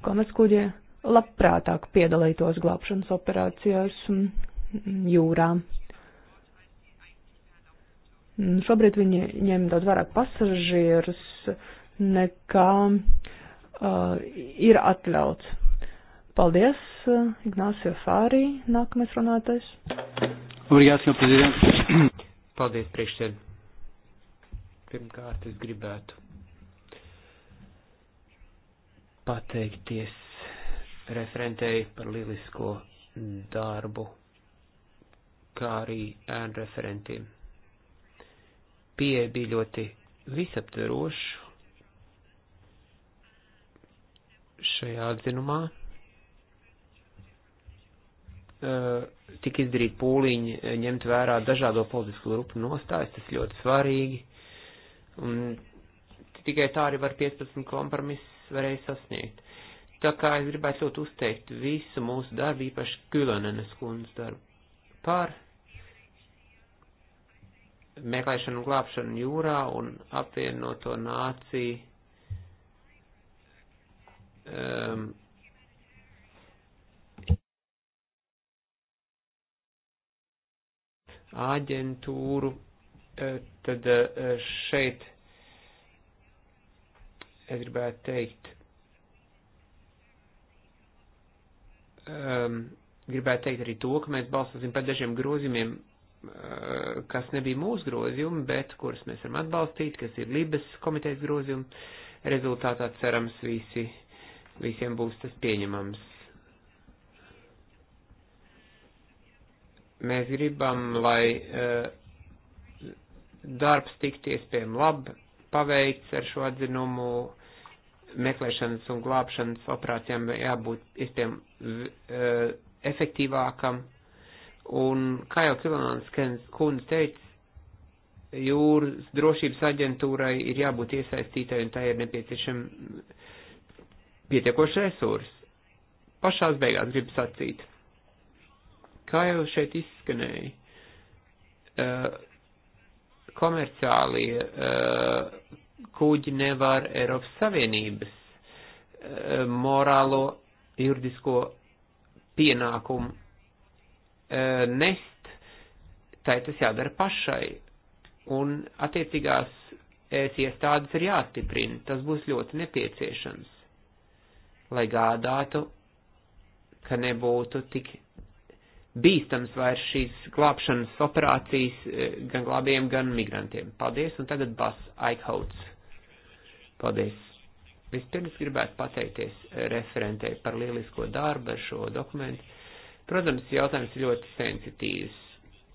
komerckuģi labprātāk piedalītos glābšanas operācijās jūrā. Šobrīd viņi ņem daudz vairāk pasažierus nekā uh, ir atļauts. Paldies, uh, Ignācio Fārī, nākamais runātais. Obrigāts, jau prezidents. Paldies, priekšsēdētāji. Pirmkārt, es gribētu pateikties referentēji par lielisko darbu, kā arī ēnu referentiem. Pieeja bija ļoti visaptveroša šajā atzinumā. Eh, tik izdarīt pūliņi, eh, ņemt vērā dažādo politisko grupu nostājas, tas ļoti svarīgi. Un tikai tā arī var 15 kompromisus varēja sasniegt. Tā kā es gribētu ļoti uzteikt visu mūsu darbu, īpaši Kylonenes kundas darbu par meklēšanu un glābšanu jūrā un apvienoto nāciju um, aģentūru Eh, tad eh, šeit es gribētu teikt, um, gribētu teikt arī to, ka mēs balsosim par dažiem grozījumiem, uh, kas nebija mūsu grozījumi, bet kurus mēs varam atbalstīt, kas ir Libes komitejas grozījumi. Rezultātā cerams visi, visiem būs tas pieņemams. Mēs gribam, lai uh, darbs tiktu iespējami labi paveikts ar šo atzinumu, meklēšanas un glābšanas operācijām jābūt iespējami e, efektīvākam. Un, kā jau Kilonāns Kunz teica, jūras drošības aģentūrai ir jābūt iesaistītai un tā ir nepieciešama pietiekoši resursi. Pašās beigās gribu sacīt, kā jau šeit izskanēja, uh, komerciālie uh, eh, kuģi nevar Eiropas Savienības uh, morālo juridisko pienākumu uh, nest, tai tas jādara pašai. Un attiecīgās ēs iestādes ir jāstiprina, tas būs ļoti nepieciešams, lai gādātu, ka nebūtu tik bīstams vairs šīs glābšanas operācijas eh, gan glābiem, gan migrantiem. Paldies, un tagad Bas Aikhauts. Paldies. Vispirms gribētu pateikties eh, referentei par lielisko darbu ar šo dokumentu. Protams, jautājums ir ļoti sensitīvs,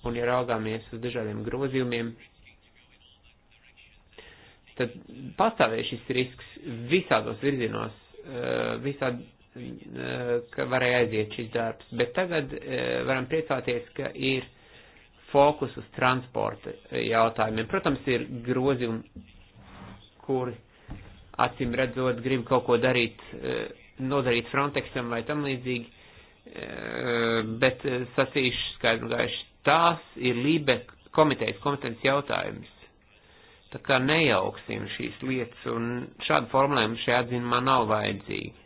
un ja raugāmies uz dažādiem grozījumiem, tad pastāvēja šis risks visādos virzienos, eh, visādi viņi, e, ka varēja aiziet šis darbs, bet tagad e, varam priecāties, ka ir fokus uz transporta jautājumiem. Protams, ir grozījumi, kuri acīm redzot grib kaut ko darīt, e, nodarīt Frontexam vai tam līdzīgi, bet sacīšu skaidru gaišu, tās ir Lībe komitejas kompetences jautājums. Tā kā nejauksim šīs lietas, un šāda formulējuma šajā atzinumā nav vajadzīga.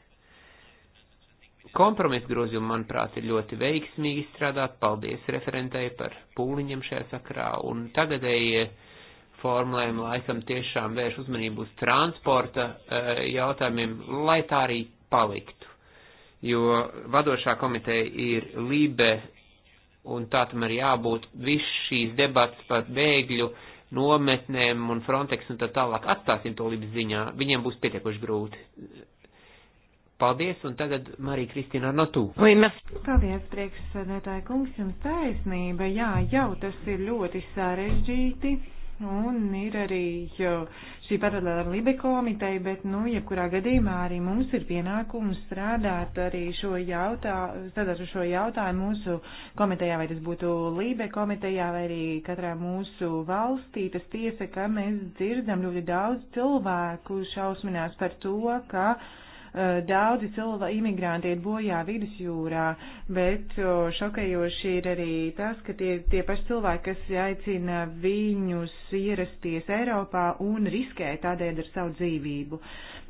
Kompromisa grozījumi, manuprāt, ir ļoti veiksmīgi strādāt. Paldies referentei par pūliņiem šajā sakarā. Un tagadējie formulējumi laikam tiešām vērš uzmanību uz transporta eh, jautājumiem, lai tā arī paliktu. Jo vadošā komiteja ir Lībe, un tā tam arī jābūt. Viss šīs debats par bēgļu nometnēm un Frontex un tā tālāk atstāsim to Lībes ziņā. Viņiem būs pietiekuši grūti Paldies, un tagad Marija Kristīna Arnotū. Paldies, priekšsēdētāja kungs, jums taisnība. Jā, jau tas ir ļoti sarežģīti, un ir arī šī paralēla Libe komiteja, bet, nu, jebkurā gadījumā arī mums ir pienākums strādāt arī šo jautā, strādāt ar šo jautājumu mūsu komitejā, vai tas būtu Libe komitejā, vai arī katrā mūsu valstī. Tas tiesa, ka mēs dzirdam ļoti daudz cilvēku šausminās par to, ka Eh, daudzi cilvēki imigranti iet bojā vidusjūrā, bet šokējoši ir arī tas, ka tie, tie paši cilvēki, kas aicina viņus ierasties Eiropā un riskē tādēļ ar savu dzīvību.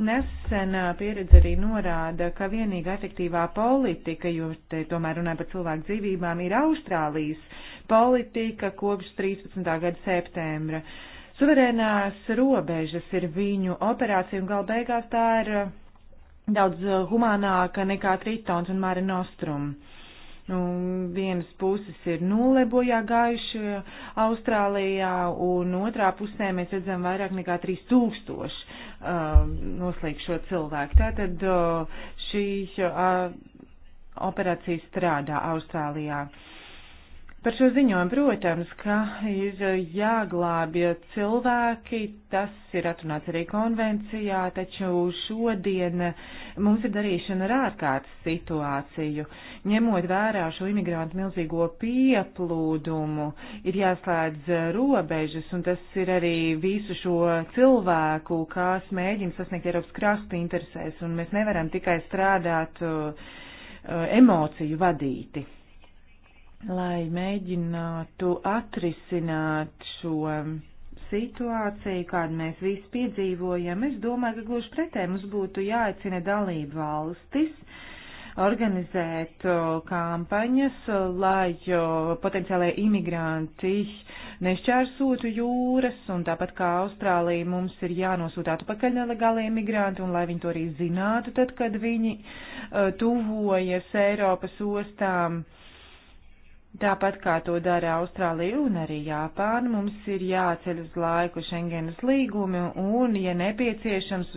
Nesenā eh, pieredze arī norāda, ka vienīga efektīvā politika, jo te tomēr runā par cilvēku dzīvībām, ir Austrālijas politika kopš 13. gada septembra. Suverēnās robežas ir viņu operācija un gal beigās tā ir eh, daudz eh, humānāka nekā Tritons un Māra Nostrum. Nu, vienas puses ir nulle bojā gājuši eh, Austrālijā, un otrā pusē mēs redzam vairāk nekā 3000 uh, eh, noslīgšo cilvēku. Tātad uh, šī uh, operācija strādā Austrālijā. Uh, Par šo ziņojumu, protams, ka ir jāglābja cilvēki, tas ir atrunāts arī konvencijā, taču šodien mums ir darīšana ar ārkārtas situāciju. Ņemot vērā šo imigrantu milzīgo pieplūdumu, ir jāslēdz robežas, un tas ir arī visu šo cilvēku, kas mēģina sasniegt Eiropas krastu interesēs, un mēs nevaram tikai strādāt uh, uh emociju vadīti lai mēģinātu atrisināt šo situāciju, kādu mēs visi piedzīvojam. Es domāju, ka gluži pretēji mums būtu jāicina dalību valstis organizēt kampaņas, lai potenciālajie imigranti nešķērsūtu jūras, un tāpat kā Austrālija mums ir jānosūta atpakaļ nelegālie imigranti, un lai viņi to arī zinātu, tad, kad viņi tuvojas Eiropas ostām. Uh, Tāpat kā to dara Austrālija un arī Japāna, mums ir jāceļ uz laiku Schengenas līgumi un, ja nepieciešams,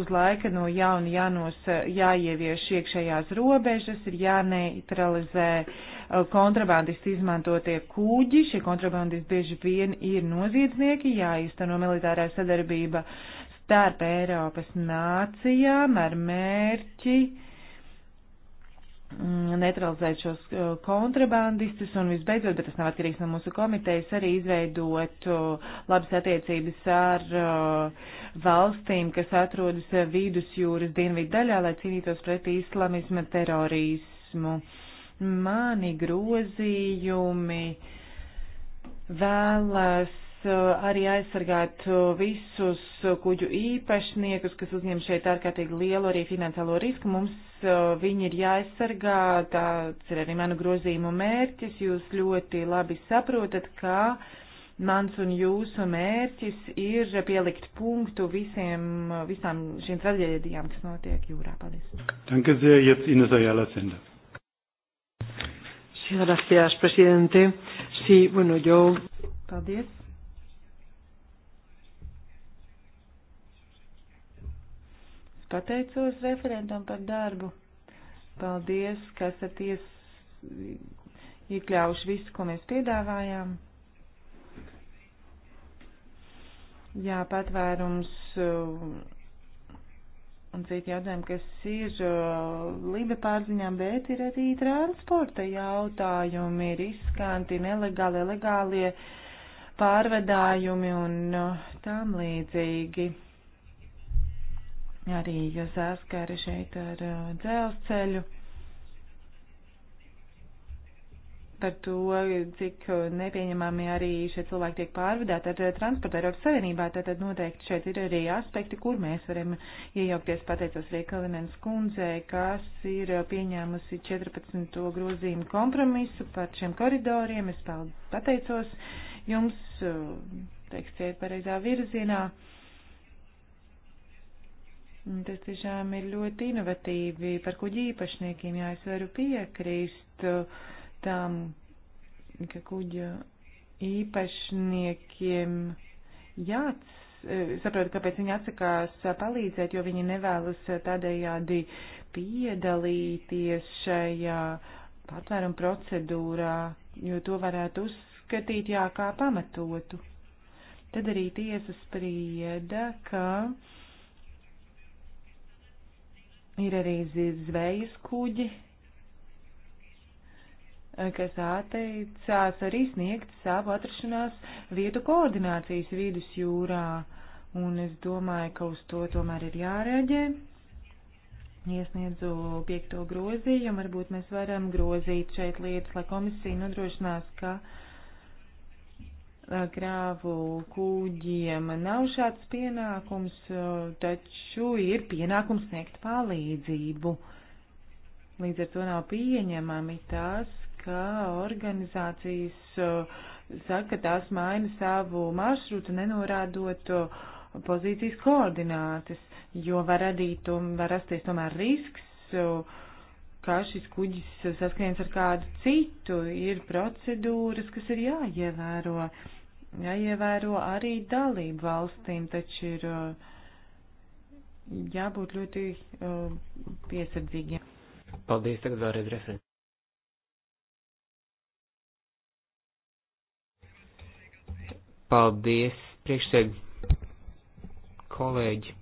uz laika no jauna jānos, jāievieš iekšējās robežas, ir jāneutralizē uh, kontrabandisti izmantotie kūģi. Šie kontrabandisti bieži vien ir noziedznieki, jāizteno militārā sadarbība starp Eiropas nācijām ar mērķi Mm, neutralizēt šos uh, kontrabandistus un visbeidzot, bet tas nav atkarīgs no mūsu komitejas, arī izveidot uh, labas attiecības ar uh, valstīm, kas atrodas vidusjūras dienvidu daļā, lai cīnītos pret islamisma terorismu. Mani grozījumi vēlas Eh, arī aizsargātu visus kuģu īpašniekus, kas uzņem šeit ārkārtīgi lielu arī finansiālo risku. Mums eh, viņi ir jāaizsargā, tāds ir arī manu grozījumu mērķis. Jūs ļoti labi saprotat, ka mans un jūsu mērķis ir pielikt punktu visiem, eh, visām šīm traģēdijām, kas notiek jūrā. Paldies. Danke sehr, jetzt Ines Ayala Sender. Sí, gracias, presidente. Sí, bueno, yo. Paldies. Pateicos referentam par darbu. Paldies, ka esat ies... iekļaujuši visu, ko mēs piedāvājām. Jā, patvērums uh, un citi jautājumi, kas ir uh, lībe pārziņām, bet ir arī transporta jautājumi, riskanti, nelegālie, legālie pārvedājumi un uh, tam līdzīgi arī saskari šeit ar uh, dzelzceļu. par to, cik nepieņemami arī šie cilvēki tiek pārvadāti ar uh, transportu Eiropas Savienībā, tad noteikti šeit ir arī aspekti, kur mēs varam iejaukties, pateicos Riekalinens kundzei, kas ir uh, pieņēmusi 14. grozījumu kompromisu par šiem koridoriem. Es pateicos jums, teiksiet, pareizā virzienā. Uh, Tas tiešām ir ļoti inovatīvi, par kuģi īpašniekiem, jā, es varu piekrīst tam, ka kuģa īpašniekiem jāc, eh, saprotu, kāpēc viņi atsakās palīdzēt, jo viņi nevēlas tādējādi piedalīties šajā patvērumu procedūrā, jo to varētu uzskatīt jā kā pamatotu. Tad arī tiesa sprieda, ka uh, Ir arī zvejas kuģi, eh, kas atteicās arī sniegt savu atrašanās vietu koordinācijas vidus jūrā. Un es domāju, ka uz to tomēr ir jārēģē. Iesniedzu piekto grozījumu, varbūt mēs varam grozīt šeit lietas, lai komisija nodrošinās, ka uh, krāvu kuģiem nav šāds pienākums, taču ir pienākums sniegt palīdzību. Līdz ar to nav pieņemami tas, ka organizācijas saka, ka tās maina savu maršrutu, nenorādot pozīcijas koordinātes, jo var radīt, um, var rasties tomēr risks, kā šis kuģis saskaņas ar kādu citu, ir procedūras, kas ir jāievēro. Ja jāievēro arī dalību valstīm, taču ir uh, jābūt ļoti uh, piesardzīgiem. Paldies, tagad vēlreiz referents. Paldies, priekšsēd kolēģi.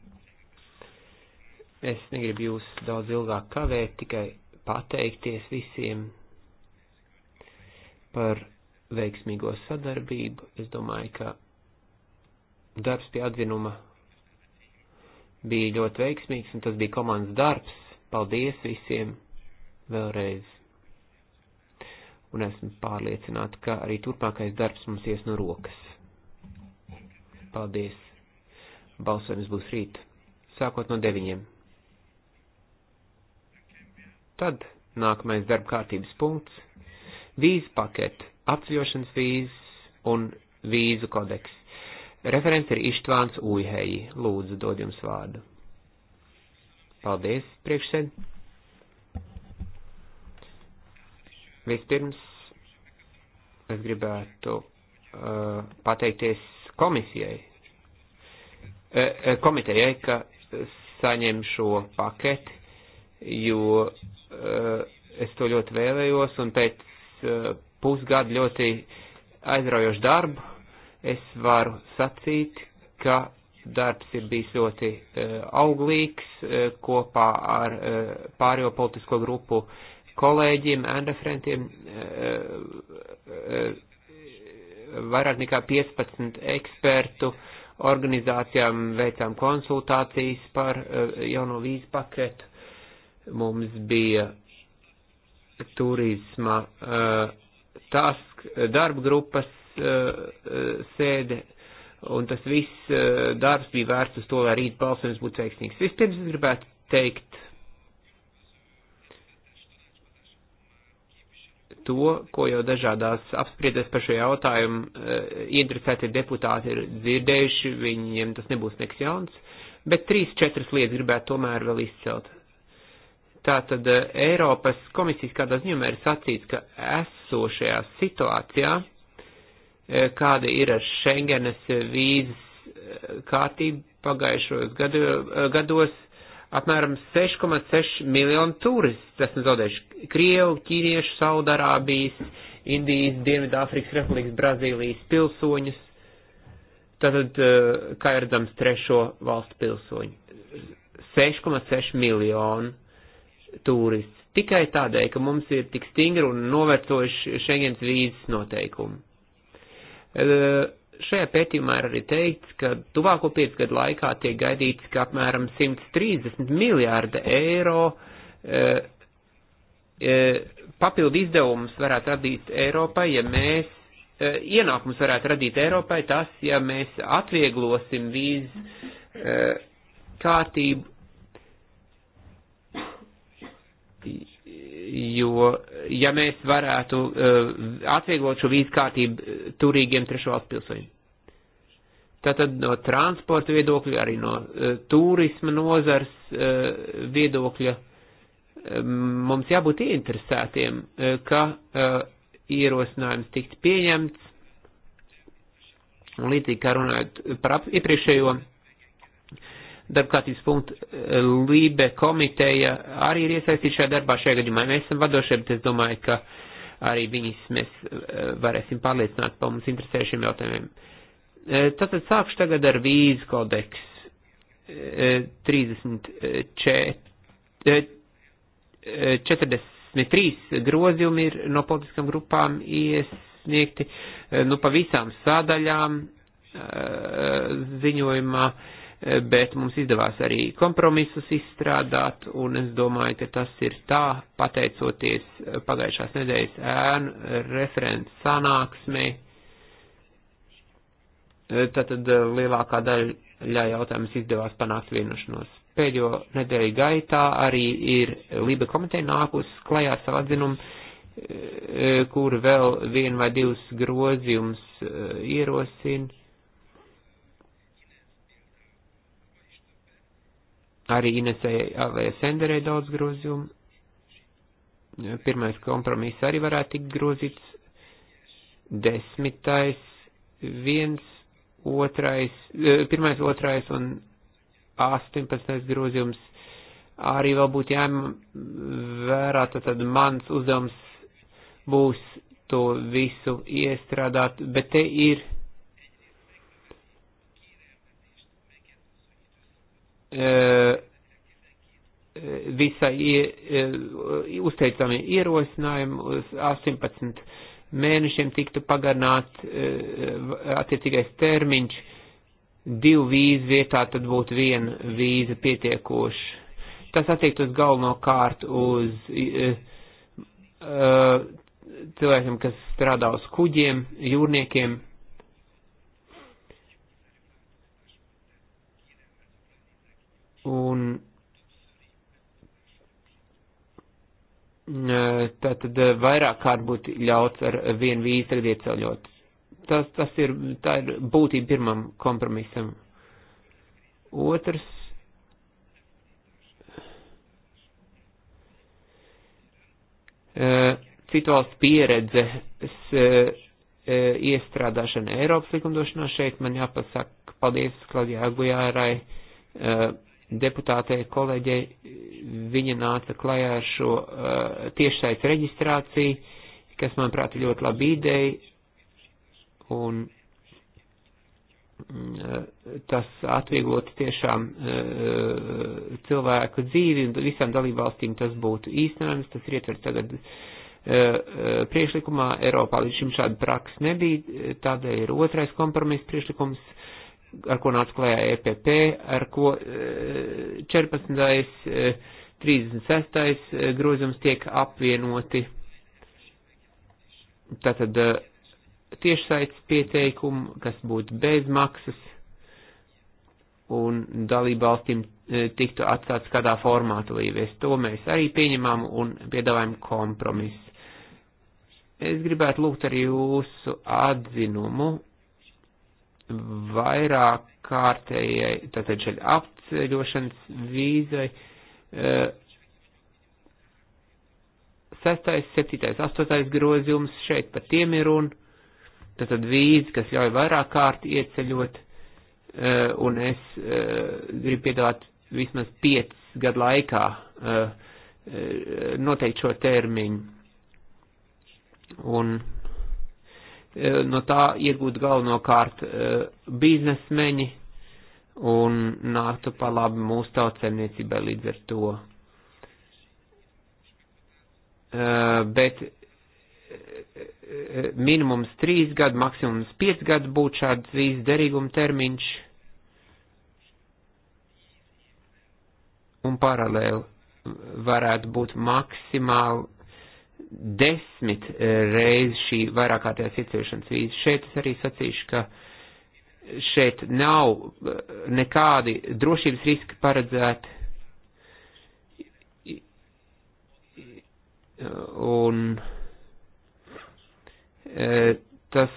Es negribu jūs daudz ilgāk kavēt, tikai pateikties visiem par veiksmīgo sadarbību. Es domāju, ka darbs pie atzinuma bija ļoti veiksmīgs, un tas bija komandas darbs. Paldies visiem vēlreiz. Un esmu pārliecināta, ka arī turpmākais darbs mums ies no rokas. Paldies. Balsojums būs rīt, sākot no deviņiem. Tad nākamais darba kārtības punkts - vīzpaketi apdzīvošanas vīzes un vīzu kodeks. Referents ir Ištvāns Ujheji. Lūdzu, dod jums vārdu. Paldies, priekšsēd. Vispirms es gribētu uh, pateikties komisijai, uh, komitejai, ka saņem šo paketi, jo uh, es to ļoti vēlējos un pēc uh, pusgadu ļoti aizraujošu darbu, es varu sacīt, ka darbs ir bijis ļoti uh, auglīgs uh, kopā ar uh, pārējo politisko grupu kolēģiem, endefrentiem. Vairāk nekā 15 ekspertu organizācijām veicām konsultācijas par jauno vīzu paketu. Mums bija turisma uh, tās darba grupas eh, eh, sēde, un tas viss eh, darbs bija vērsts uz to, lai rīt balsojums būtu veiksmīgs. Vispirms es gribētu teikt to, ko jau dažādās apspriedēs par šo jautājumu ieinteresēti deputāti ir dzirdējuši, viņiem tas nebūs nekas jauns, bet trīs, četras lietas gribētu tomēr vēl izcelt. Tātad eh, Eiropas komisijas kādā ziņumā ir sacīts, ka esošajā situācijā, eh, kāda ir ar Schengenes vīzes eh, kārtību pagājušos gadu, gados, apmēram 6,6 miljonu turistu esmu zaudējuši. Krievu, ķīniešu, Saudarābijas, Indijas, Dienvidāfrikas Republikas, Brazīlijas pilsoņus. Tātad, kā redzams, trešo valstu pilsoņu. 6,6 miljonu turists tikai tādēļ, ka mums ir tik stingri un novecojuši Schengens vīzes noteikumi. E, šajā pētījumā ir arī teikts, ka tuvāko piecu gadu laikā tiek gaidīts, ka apmēram 130 miljārda eiro e, e, papildu izdevumus varētu radīt Eiropai, ja mēs ienākums varētu radīt Eiropai, tas, ja mēs atvieglosim vīzu kārtību jo, ja mēs varētu uh, atvieglot šo vīzu kārtību eh, turīgiem trešo valstu pilsoņiem. Tātad no transporta viedokļa, arī no uh, turisma nozars uh, viedokļa mums jābūt ieinteresētiem, ka ierosinājums tikt pieņemts. Un līdzīgi kā runājot par iepriekšējo darbkārtības punktu, eh, Lībe komiteja arī ir iesaistīta šajā darbā šajā gadījumā. Mēs esam vadošie, bet es domāju, ka arī viņas mēs eh, varēsim pārliecināt par mums interesējušiem jautājumiem. Eh, tātad sākšu tagad ar vīzu kodeks 34, 43 grozījumi ir no politiskām grupām iesniegti, nu pa visām sādaļām ziņojumā. Uh, bet mums izdevās arī kompromisus izstrādāt, un es domāju, ka tas ir tā, pateicoties pagājušās nedēļas ēnu referents sanāksmē. Tātad eh, lielākā daļa jautājums izdevās panākt vienošanos. Pēdējo nedēļu gaitā arī ir Lība komiteja nākus klajā savu atzinumu, eh, kur vēl vienu vai divus grozījumus eh, ierosina Arī Inesei Senderei daudz grozījumu. Pirmais kompromiss arī varētu tikt grozīts. Desmitais, viens, otrais, e, pirmais, otrais un 18. grozījums arī vēl būtu jāņem vērā, tad mans uzdevums būs to visu iestrādāt, bet te ir Eh, eh, visai eh, uzteicami ierosinājumi uz 18 mēnešiem tiktu pagarināt attiecīgais termiņš divu vīzu vietā, tad būtu viena vīza pietiekoši. Tas attiekt uz galvenokārt uz cilvēkiem, kas strādā uz kuģiem, jūrniekiem, Un e, tātad e, vairāk kārt būtu ļauts ar vienu vīzi tagad ieceļot. Tas, tas ir, tā ir būtība pirmam kompromisam. Otrs. E, Citu valstu pieredze iestrādāšana Eiropas likumdošanā šeit man jāpasaka paldies Klaudijā Agujārai deputātei kolēģei, viņa nāca klajā ar šo uh, eh, tiešsaits reģistrāciju, kas, manuprāt, ir ļoti laba ideja, un uh, tas atvieglot tiešām uh, cilvēku dzīvi, un visām dalībvalstīm tas būtu īstenojams, tas ir ietverts tagad uh, priekšlikumā, Eiropā līdz šim šāda praksa nebija, tādēļ ir otrais kompromiss priekšlikums, uh, ar ko nāca klējā EPP, ar ko 14. Eh, 36. Eh, eh, grozījums tiek apvienoti. Tātad tiešsaits pieteikumu, kas būtu bez maksas, un dalībvalstīm tiktu atstāts kādā formāta līvies. To mēs arī pieņemam un piedāvājam kompromisu. Es gribētu lūgt arī jūsu atzinumu vairāk kārtējai, tātad šeit apceļošanas vīzai. Eh, sestais, septītais, astotais grozījums šeit par tiem ir un tātad vīzi, kas ļauj vairāk kārt ieceļot, eh, un es eh, gribu piedāvāt vismaz 5 gadu laikā noteikt šo termiņu. Un Eh, no tā iegūt galvenokārt eh, biznesmeņi un nāktu pa labi mūsu tautsēmniecībai līdz ar to. Eh, bet minimums trīs gadu, maksimums piec gadu būtu šāds vīzes derīguma termiņš. Un paralēli varētu būt maksimāli desmit eh, reizi šī vairākārtējās ieceļošanas vīza. Šeit es arī sacīšu, ka šeit nav eh, nekādi drošības riski paredzēti. Un eh, tas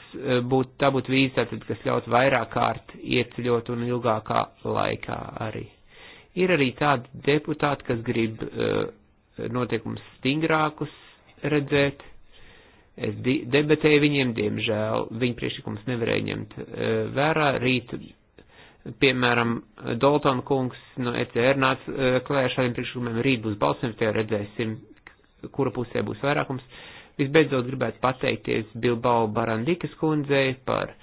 būtu, tā būtu vīza, tātad, kas ļaut vairāk kārt ieceļot un ilgākā laikā arī. Ir arī tādi deputāti, kas grib uh, noteikums stingrākus, redzēt. Es debatēju viņiem, diemžēl viņa priekšlikums nevarēja ņemt e, vērā. Rīt, piemēram, Dalton kungs no ECR nāca e, klējā šādiem priekšlikumiem, rīt būs balsojums, tajā redzēsim, kura pusē būs vairākums. Visbeidzot gribētu pateikties Bilbao Barandikas kundzei par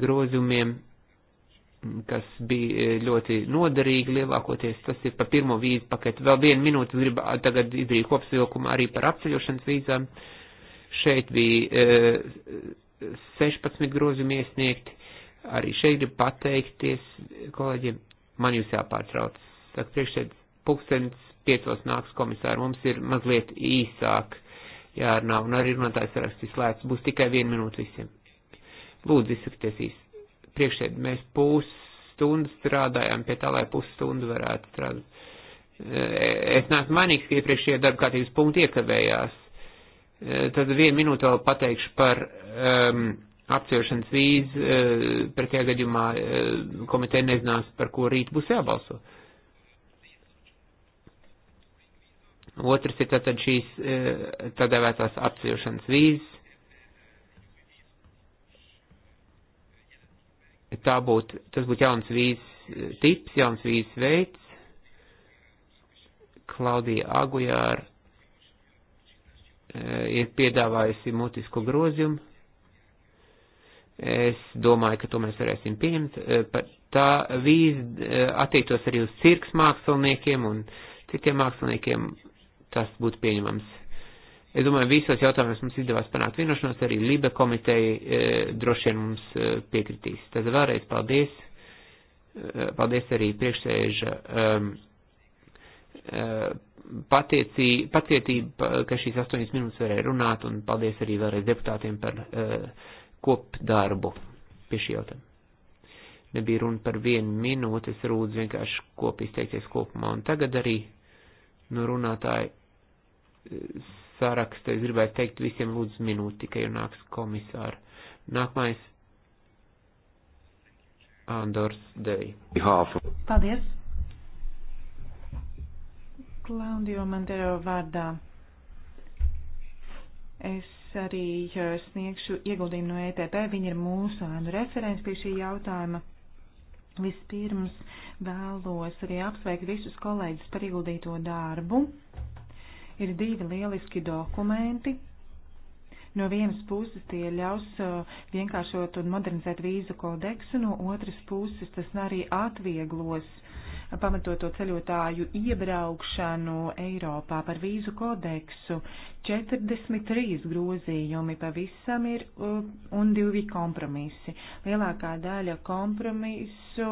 grozumiem kas bija ļoti noderīgi lielākoties. Tas ir pa pirmo vīzu paketu. Vēl vienu minūti gribu tagad izdarīt kopsvilkumu arī par apceļošanas vīzām. Šeit bija e, eh, 16 grozījumi iesniegti. Arī šeit gribu pateikties kolēģiem. Man jūs jāpārtrauc. Saka, priekšēd pulkstens piecos nāks komisāri. Mums ir mazliet īsāk jārunā. Un arī runātājs rakstīs lēts. Būs tikai viena minūte visiem. Lūdzu, izsakties īsti priekšēd. Mēs pusstundu strādājām pie tā, lai pusstundu varētu strādāt. E, es neesmu mainīgs, ka iepriekšējie darba kārtības punkti iekavējās. E, tad vienu minūtu vēl pateikšu par um, apciešanas vīzu, uh, pretējā gadījumā uh, komiteja nezinās, par ko rīt būs jābalso. Otrs ir tātad šīs uh, tādēvētās apciešanas vīzes tā būtu, tas būtu jauns vīzes eh, tips, jauns vīzes veids. Klaudija Agujāra eh, ir piedāvājusi mutisku grozījumu. Es domāju, ka to mēs varēsim pieņemt. Eh, tā vīze attiektos arī uz cirks māksliniekiem un citiem māksliniekiem. Tas būtu pieņemams. Es domāju, visos jautājumos mums izdevās panākt vienošanos, arī Libe komiteja e, droši vien mums e, piekritīs. Tad vēlreiz paldies, e, paldies arī priekšsēža e, e, patiecī, pacietība, ka šīs astoņas minūtes varēja runāt, un paldies arī vēlreiz deputātiem par e, kopdarbu pie šī jautājuma nebija runa par vienu minūti, es rūdzu vienkārši kopi izteikties kopumā. Un tagad arī no nu, runātāja e, sarakstu. Es gribētu teikt visiem lūdzu minūti, tikai nāks komisāri. Nākamais Andors Dei. Paldies. Klaudio Mandero vārdā. Es arī sniegšu ieguldījumu no ETP. Viņa ir mūsu ēnu referents pie šī jautājuma. Vispirms vēlos arī apsveikt visus kolēģus par ieguldīto darbu ir divi lieliski dokumenti. No vienas puses tie ļaus uh, vienkāršot un modernizēt vīzu kodeksu, no otras puses tas arī atvieglos uh, pamatoto ceļotāju iebraukšanu Eiropā par vīzu kodeksu. 43 grozījumi pavisam ir uh, un divi kompromisi. Lielākā daļa kompromisu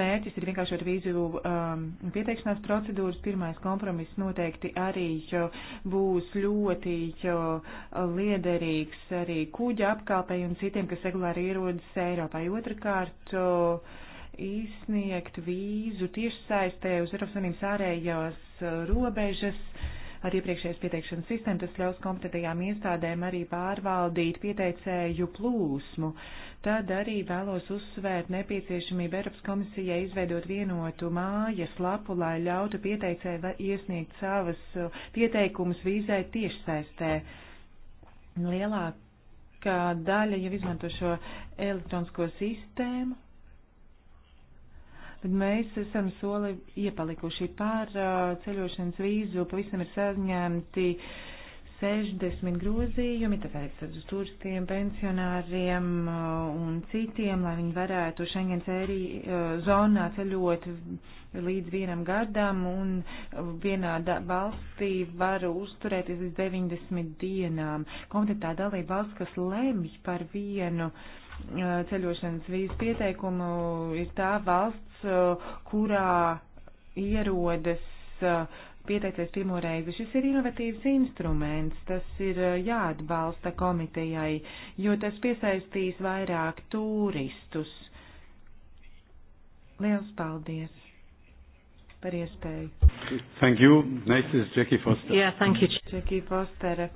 mērķis ir vienkāršot vīzu um, pieteikšanās procedūras. Pirmais kompromiss noteikti arī būs ļoti uh, liederīgs arī kuģa apkalpei un citiem, kas regulāri ierodas Eiropā. Otrakārt, uh, izsniegt vīzu tiešsaistē uz Eiropas Unības ārējās uh, robežas ar iepriekšējās pieteikšanas sistēmu. Tas ļaus kompetentajām iestādēm arī pārvaldīt pieteicēju plūsmu. Tad arī vēlos uzsvērt nepieciešamību Eiropas komisijai izveidot vienotu mājas lapu, lai ļautu pieteicēju iesniegt savas uh, pieteikumus vīzai tiešsaistē. Lielākā daļa jau izmanto šo elektronisko sistēmu, bet mēs esam soli iepalikuši pār uh, ceļošanas vīzu. Pavisam ir saņemti 60 grozījumi, tāpēc uz turistiem, pensionāriem uh, un citiem, lai viņi varētu Schengen uh, zonā ceļot līdz vienam gadam un vienā valstī var uzturēties līdz 90 dienām. Komitētā dalība valsts, kas lemj par vienu ceļošanas vīzu pieteikumu, ir tā valsts, Uh, kurā ierodas uh, pieteicies pirmo reizi. Šis ir inovatīvs instruments, tas ir uh, jāatbalsta komitejai, jo tas piesaistīs vairāk turistus. Liels paldies par iespēju. Thank you. Next is Jackie Foster. Yeah, thank you. Jackie Foster.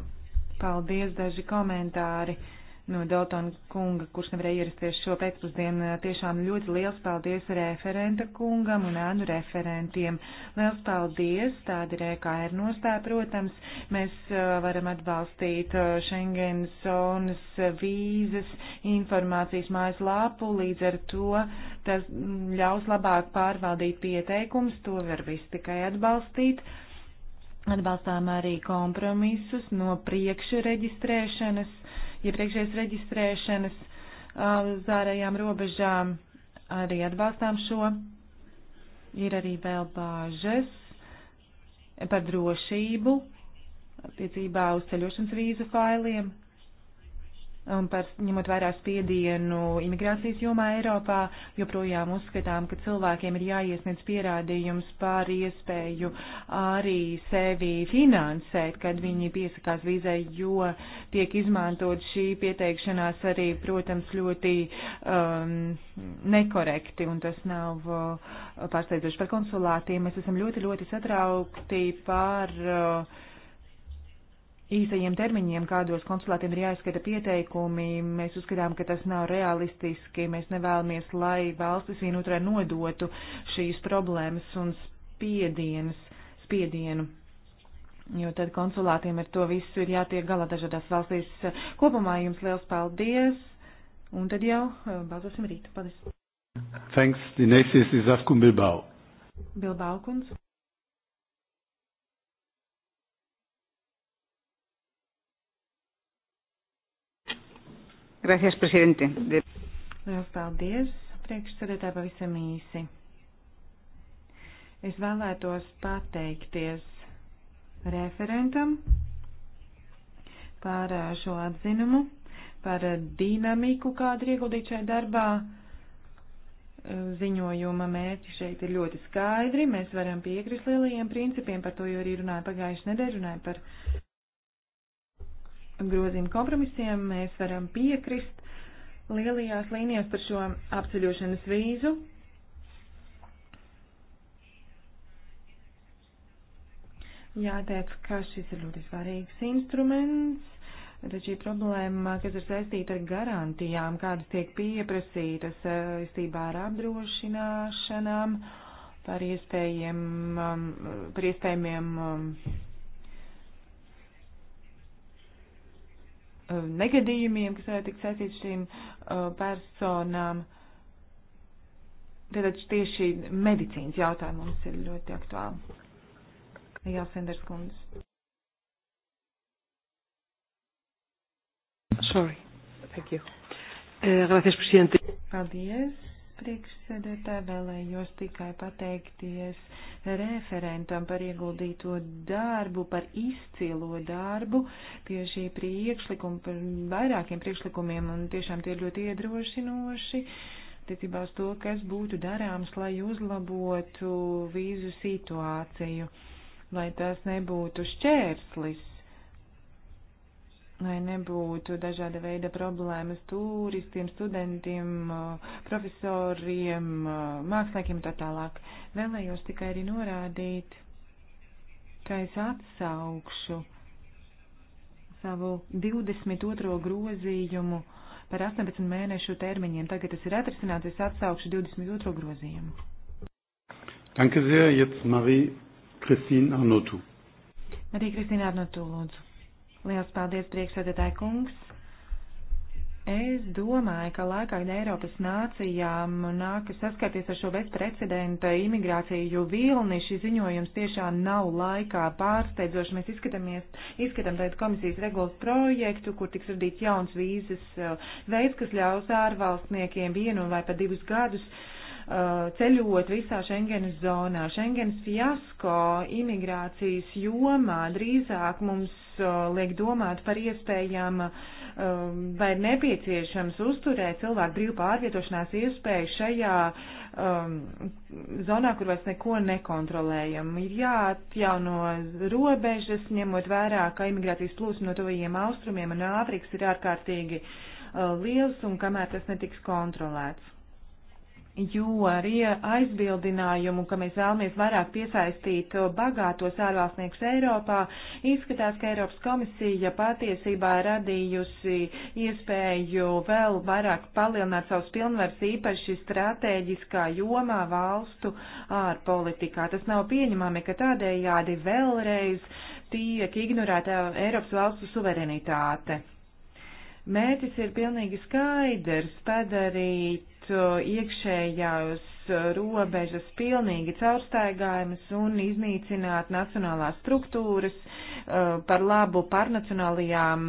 Paldies, daži komentāri. Uh, no Daltona kunga, kurš nevarēja ierasties šo pēcpusdienu. Tiešām ļoti liels paldies referenta kungam un ānu referentiem. Liels paldies, tāda ir EKR nostāja, protams. Mēs uh, varam atbalstīt uh, Schengens zonas uh, vīzas informācijas mājas lapu, līdz ar to tas ļaus labāk pārvaldīt pieteikums, to var viss tikai atbalstīt. Atbalstām arī kompromisus no priekšreģistrēšanas iepriekšējas reģistrēšanas uz uh, ārējām robežām. Arī atbalstām šo. Ir arī vēl bāžas par drošību attiecībā uz ceļošanas vīzu failiem um, par ņemot vērā spiedienu imigrācijas jomā Eiropā, joprojām uzskatām, ka cilvēkiem ir jāiesniedz pierādījums par iespēju arī sevi finansēt, kad viņi piesakās vīzai, jo tiek izmantot šī pieteikšanās arī, protams, ļoti um, nekorekti, un tas nav uh, pārsteidzoši par konsulātiem. Mēs esam ļoti, ļoti satraukti par. Uh, īsajiem termiņiem, kādos konsulātiem ir jāizskata pieteikumi, mēs uzskatām, ka tas nav realistiski. Mēs nevēlamies, lai valstis vienotrai nodotu šīs problēmas un spiedienas, spiedienu. Jo tad konsulātiem ar to visu ir jātiek galā dažādās valstīs. Kopumā jums liels paldies, un tad jau eh, balsosim rīt. Paldies! Thanks. The next is Izaskun Bilbao. Bilbao kundze. Gracias, prezidente. Lielas paldies. Priekšsēdētāji pavisam īsi. Es vēlētos pateikties referentam par eh, šo atzinumu, par dinamiku, kādu ir ieguldīt šajā darbā. Eh, ziņojuma mērķi šeit ir ļoti skaidri. Mēs varam piekrist lielajiem principiem, par to jau arī runāju pagājušajā nedēļā, runāju par grozījumu kompromisiem mēs varam piekrist lielajās līnijās par šo apceļošanas vīzu. Jāteic, ka šis ir ļoti svarīgs instruments, bet šī problēma, kas ir saistīta ar garantijām, kādas tiek pieprasītas eh, saistībā ar apdrošināšanām, par iespējiem, um, par iespējamiem um, Eh, negadījumiem, kas varētu tikt saistīti šīm eh, personām. Tātad tieši medicīnas jautājumi mums ir ļoti aktuāli. Jā, Sanders Kundze. Sorry. Thank you. Eh, gracias, presidente. Paldies priekšsēdētāji, vēlējos tikai pateikties referentam par ieguldīto darbu, par izcilo darbu pie šī priekšlikuma, par vairākiem priekšlikumiem, un tiešām tie ir ļoti iedrošinoši. Tiecībā uz to, kas būtu darāms, lai uzlabotu vīzu situāciju, lai tas nebūtu šķērslis lai nebūtu dažāda veida problēmas turistiem, studentiem, profesoriem, māksliniekiem tā tālāk. Vēlējos tikai arī norādīt, ka es atsaukšu savu 22. grozījumu par 18 mēnešu termiņiem. Tagad tas ir atrisināts, es atsaukšu 22. grozījumu. Danke sehr, jetzt Marie-Christine Arnotu. Marie-Christine Arnotu, lūdzu. Liels paldies, priekšsēdētāji kungs! Es domāju, ka laikā Eiropas nācijām nākas saskarties ar šo bezprecedenta imigrāciju vilni. Šī ziņojums tiešām nav laikā pārsteidzoši. Mēs izskatāmies, izskatām tādu komisijas regulas projektu, kur tiks radīts jauns vīzes eh, veids, kas ļaus ārvalstniekiem vienu vai pat divus gadus uh, Uh, ceļot visā Schengenas zonā. Schengenas fiasko imigrācijas jomā drīzāk mums uh, liek domāt par iespējām um, vai ir nepieciešams uzturēt cilvēku brīvu pārvietošanās iespēju šajā um, zonā, kur vairs neko nekontrolējam. Ir jāatjauno robežas, ņemot vērā, ka imigrācijas plūsma no tuvajiem austrumiem un Āfrikas ir ārkārtīgi uh, liels un kamēr tas netiks kontrolēts jo ar aizbildinājumu, ka mēs vēlamies vairāk piesaistīt bagātos ārvalstniekus Eiropā, izskatās, ka Eiropas komisija patiesībā radījusi iespēju vēl vairāk palielināt savus pilnvars īpaši strateģiskā jomā valstu ārpolitikā. Tas nav pieņemami, ka tādējādi vēlreiz tiek ignorēta Eiropas valstu suverenitāte. Mērķis ir pilnīgi skaidrs padarīt Uh, iekšējās uh, robežas pilnīgi caurstaigājumas un iznīcināt nacionālās struktūras uh, par labu pārnacionālajām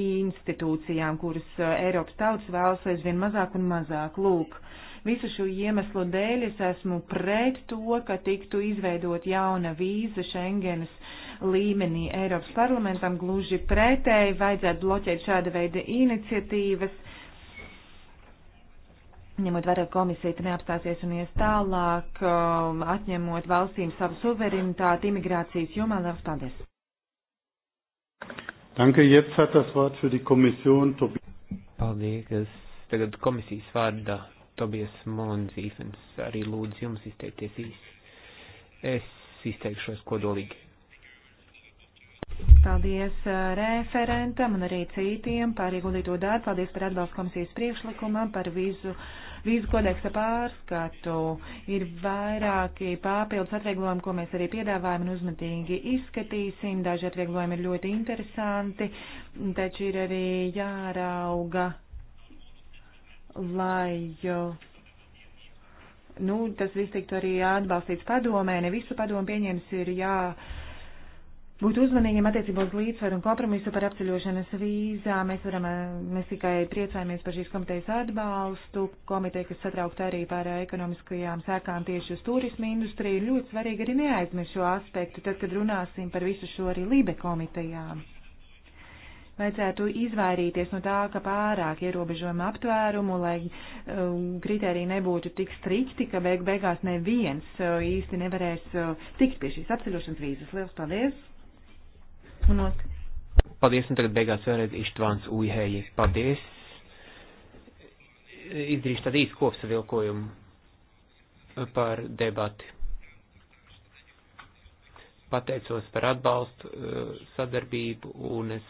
institūcijām, kuras Eiropas tautas vēlas aizvien mazāk un mazāk. Lūk, visu šo iemeslu dēļ es esmu pret to, ka tiktu izveidot jauna vīza Schengenas līmenī Eiropas parlamentam gluži pretēji vajadzētu bloķēt šāda veida iniciatīvas, ņemot vērā komisija, te neapstāsies un ies tālāk, um, atņemot valstīm savu suverenitāti imigrācijas jomā. Lielas paldies! Danke, jetzt hat das Wort für die Kommission Tobias. Paldies. Tagad komisijas vārdā Tobias Monzīfens. Arī lūdzu jums izteikties īsi. Es izteikšos kodolīgi. Paldies uh, referentam un arī citiem par ieguldīto darbu. Paldies par atbalstu komisijas priekšlikumam par vīzu vīzu kodeksa pārskatu. Ir vairāki papildus atvieglojumi, ko mēs arī piedāvājam un uzmetīgi izskatīsim. Daži atvieglojumi ir ļoti interesanti, taču ir arī jārauga, lai. Nu, tas viss tiktu arī atbalstīts padomē, ne visu padomu pieņems ir jā. Ja būt uzmanīgiem attiecībā uz līdzsvaru un kompromisu par apceļošanas vīzā. Mēs, varam, eh, mēs tikai priecājamies par šīs komitejas atbalstu. Komiteja, kas satraukta arī par ekonomiskajām sēkām tieši uz turismu industriju, ļoti svarīgi arī neaizmirst šo aspektu, tad, kad runāsim par visu šo arī Libe komitejām. Vajadzētu izvairīties no tā, ka pārāk ierobežojam aptvērumu, lai uh, um, kriteriji nebūtu tik strikti, ka beig beigās neviens uh, īsti nevarēs uh, tikt pie šīs apceļošanas vīzas. Lielas paldies! Not. Paldies, un tagad beigās vēlreiz Ištvāns Ujhēji. Paldies. Izdarīšu tādu īstu kopsavilkojumu par debati. Pateicos par atbalstu, eh, sadarbību, un es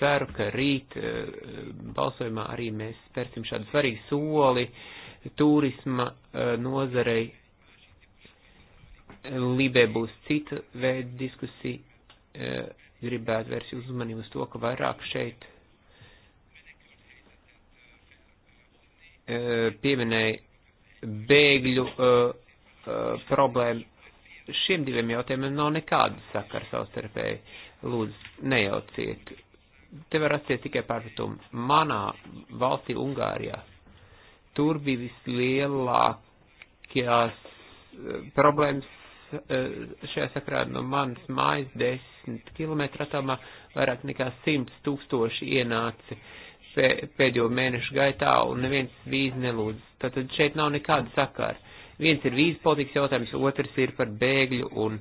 ceru, ka rīt eh, balsojumā arī mēs spērsim šādu svarīgu soli turisma eh, nozarei. Libē būs cita veida diskusija E, gribētu vērst uzmanību uz to, ka vairāk šeit e, pieminēja bēgļu e, problēmu. Šiem diviem jautājumiem nav nekāda sakara savstarpēji. Lūdzu, nejauciet. Te var atciet tikai pārpratumu. Manā valstī, Ungārijā, tur bija vislielākās problēmas Eh, šajā sakrā no manas mājas 10 km attālumā vairāk nekā 100 tūkstoši ienāci pēdējo mēnešu gaitā un neviens vīzi nelūdz. Tātad šeit nav nekāda sakara. Viens ir vīzu politikas jautājums, otrs ir par bēgļu un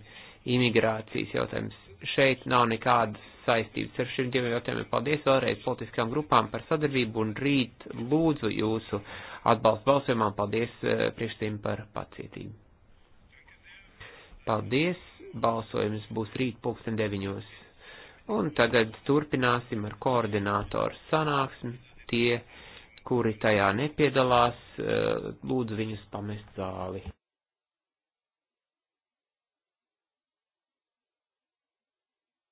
imigrācijas jautājums. Šeit nav nekādas saistības ar šiem diviem jautājumiem. Paldies vēlreiz politiskām grupām par sadarbību un rīt lūdzu jūsu atbalstu balsojumā. Paldies eh, priekšstīm par pacietību. Paldies, balsojums būs rīt pulksten deviņos. Un tagad turpināsim ar koordinātoru sanāksmi. Tie, kuri tajā nepiedalās, eh, lūdzu viņus pamest zāli.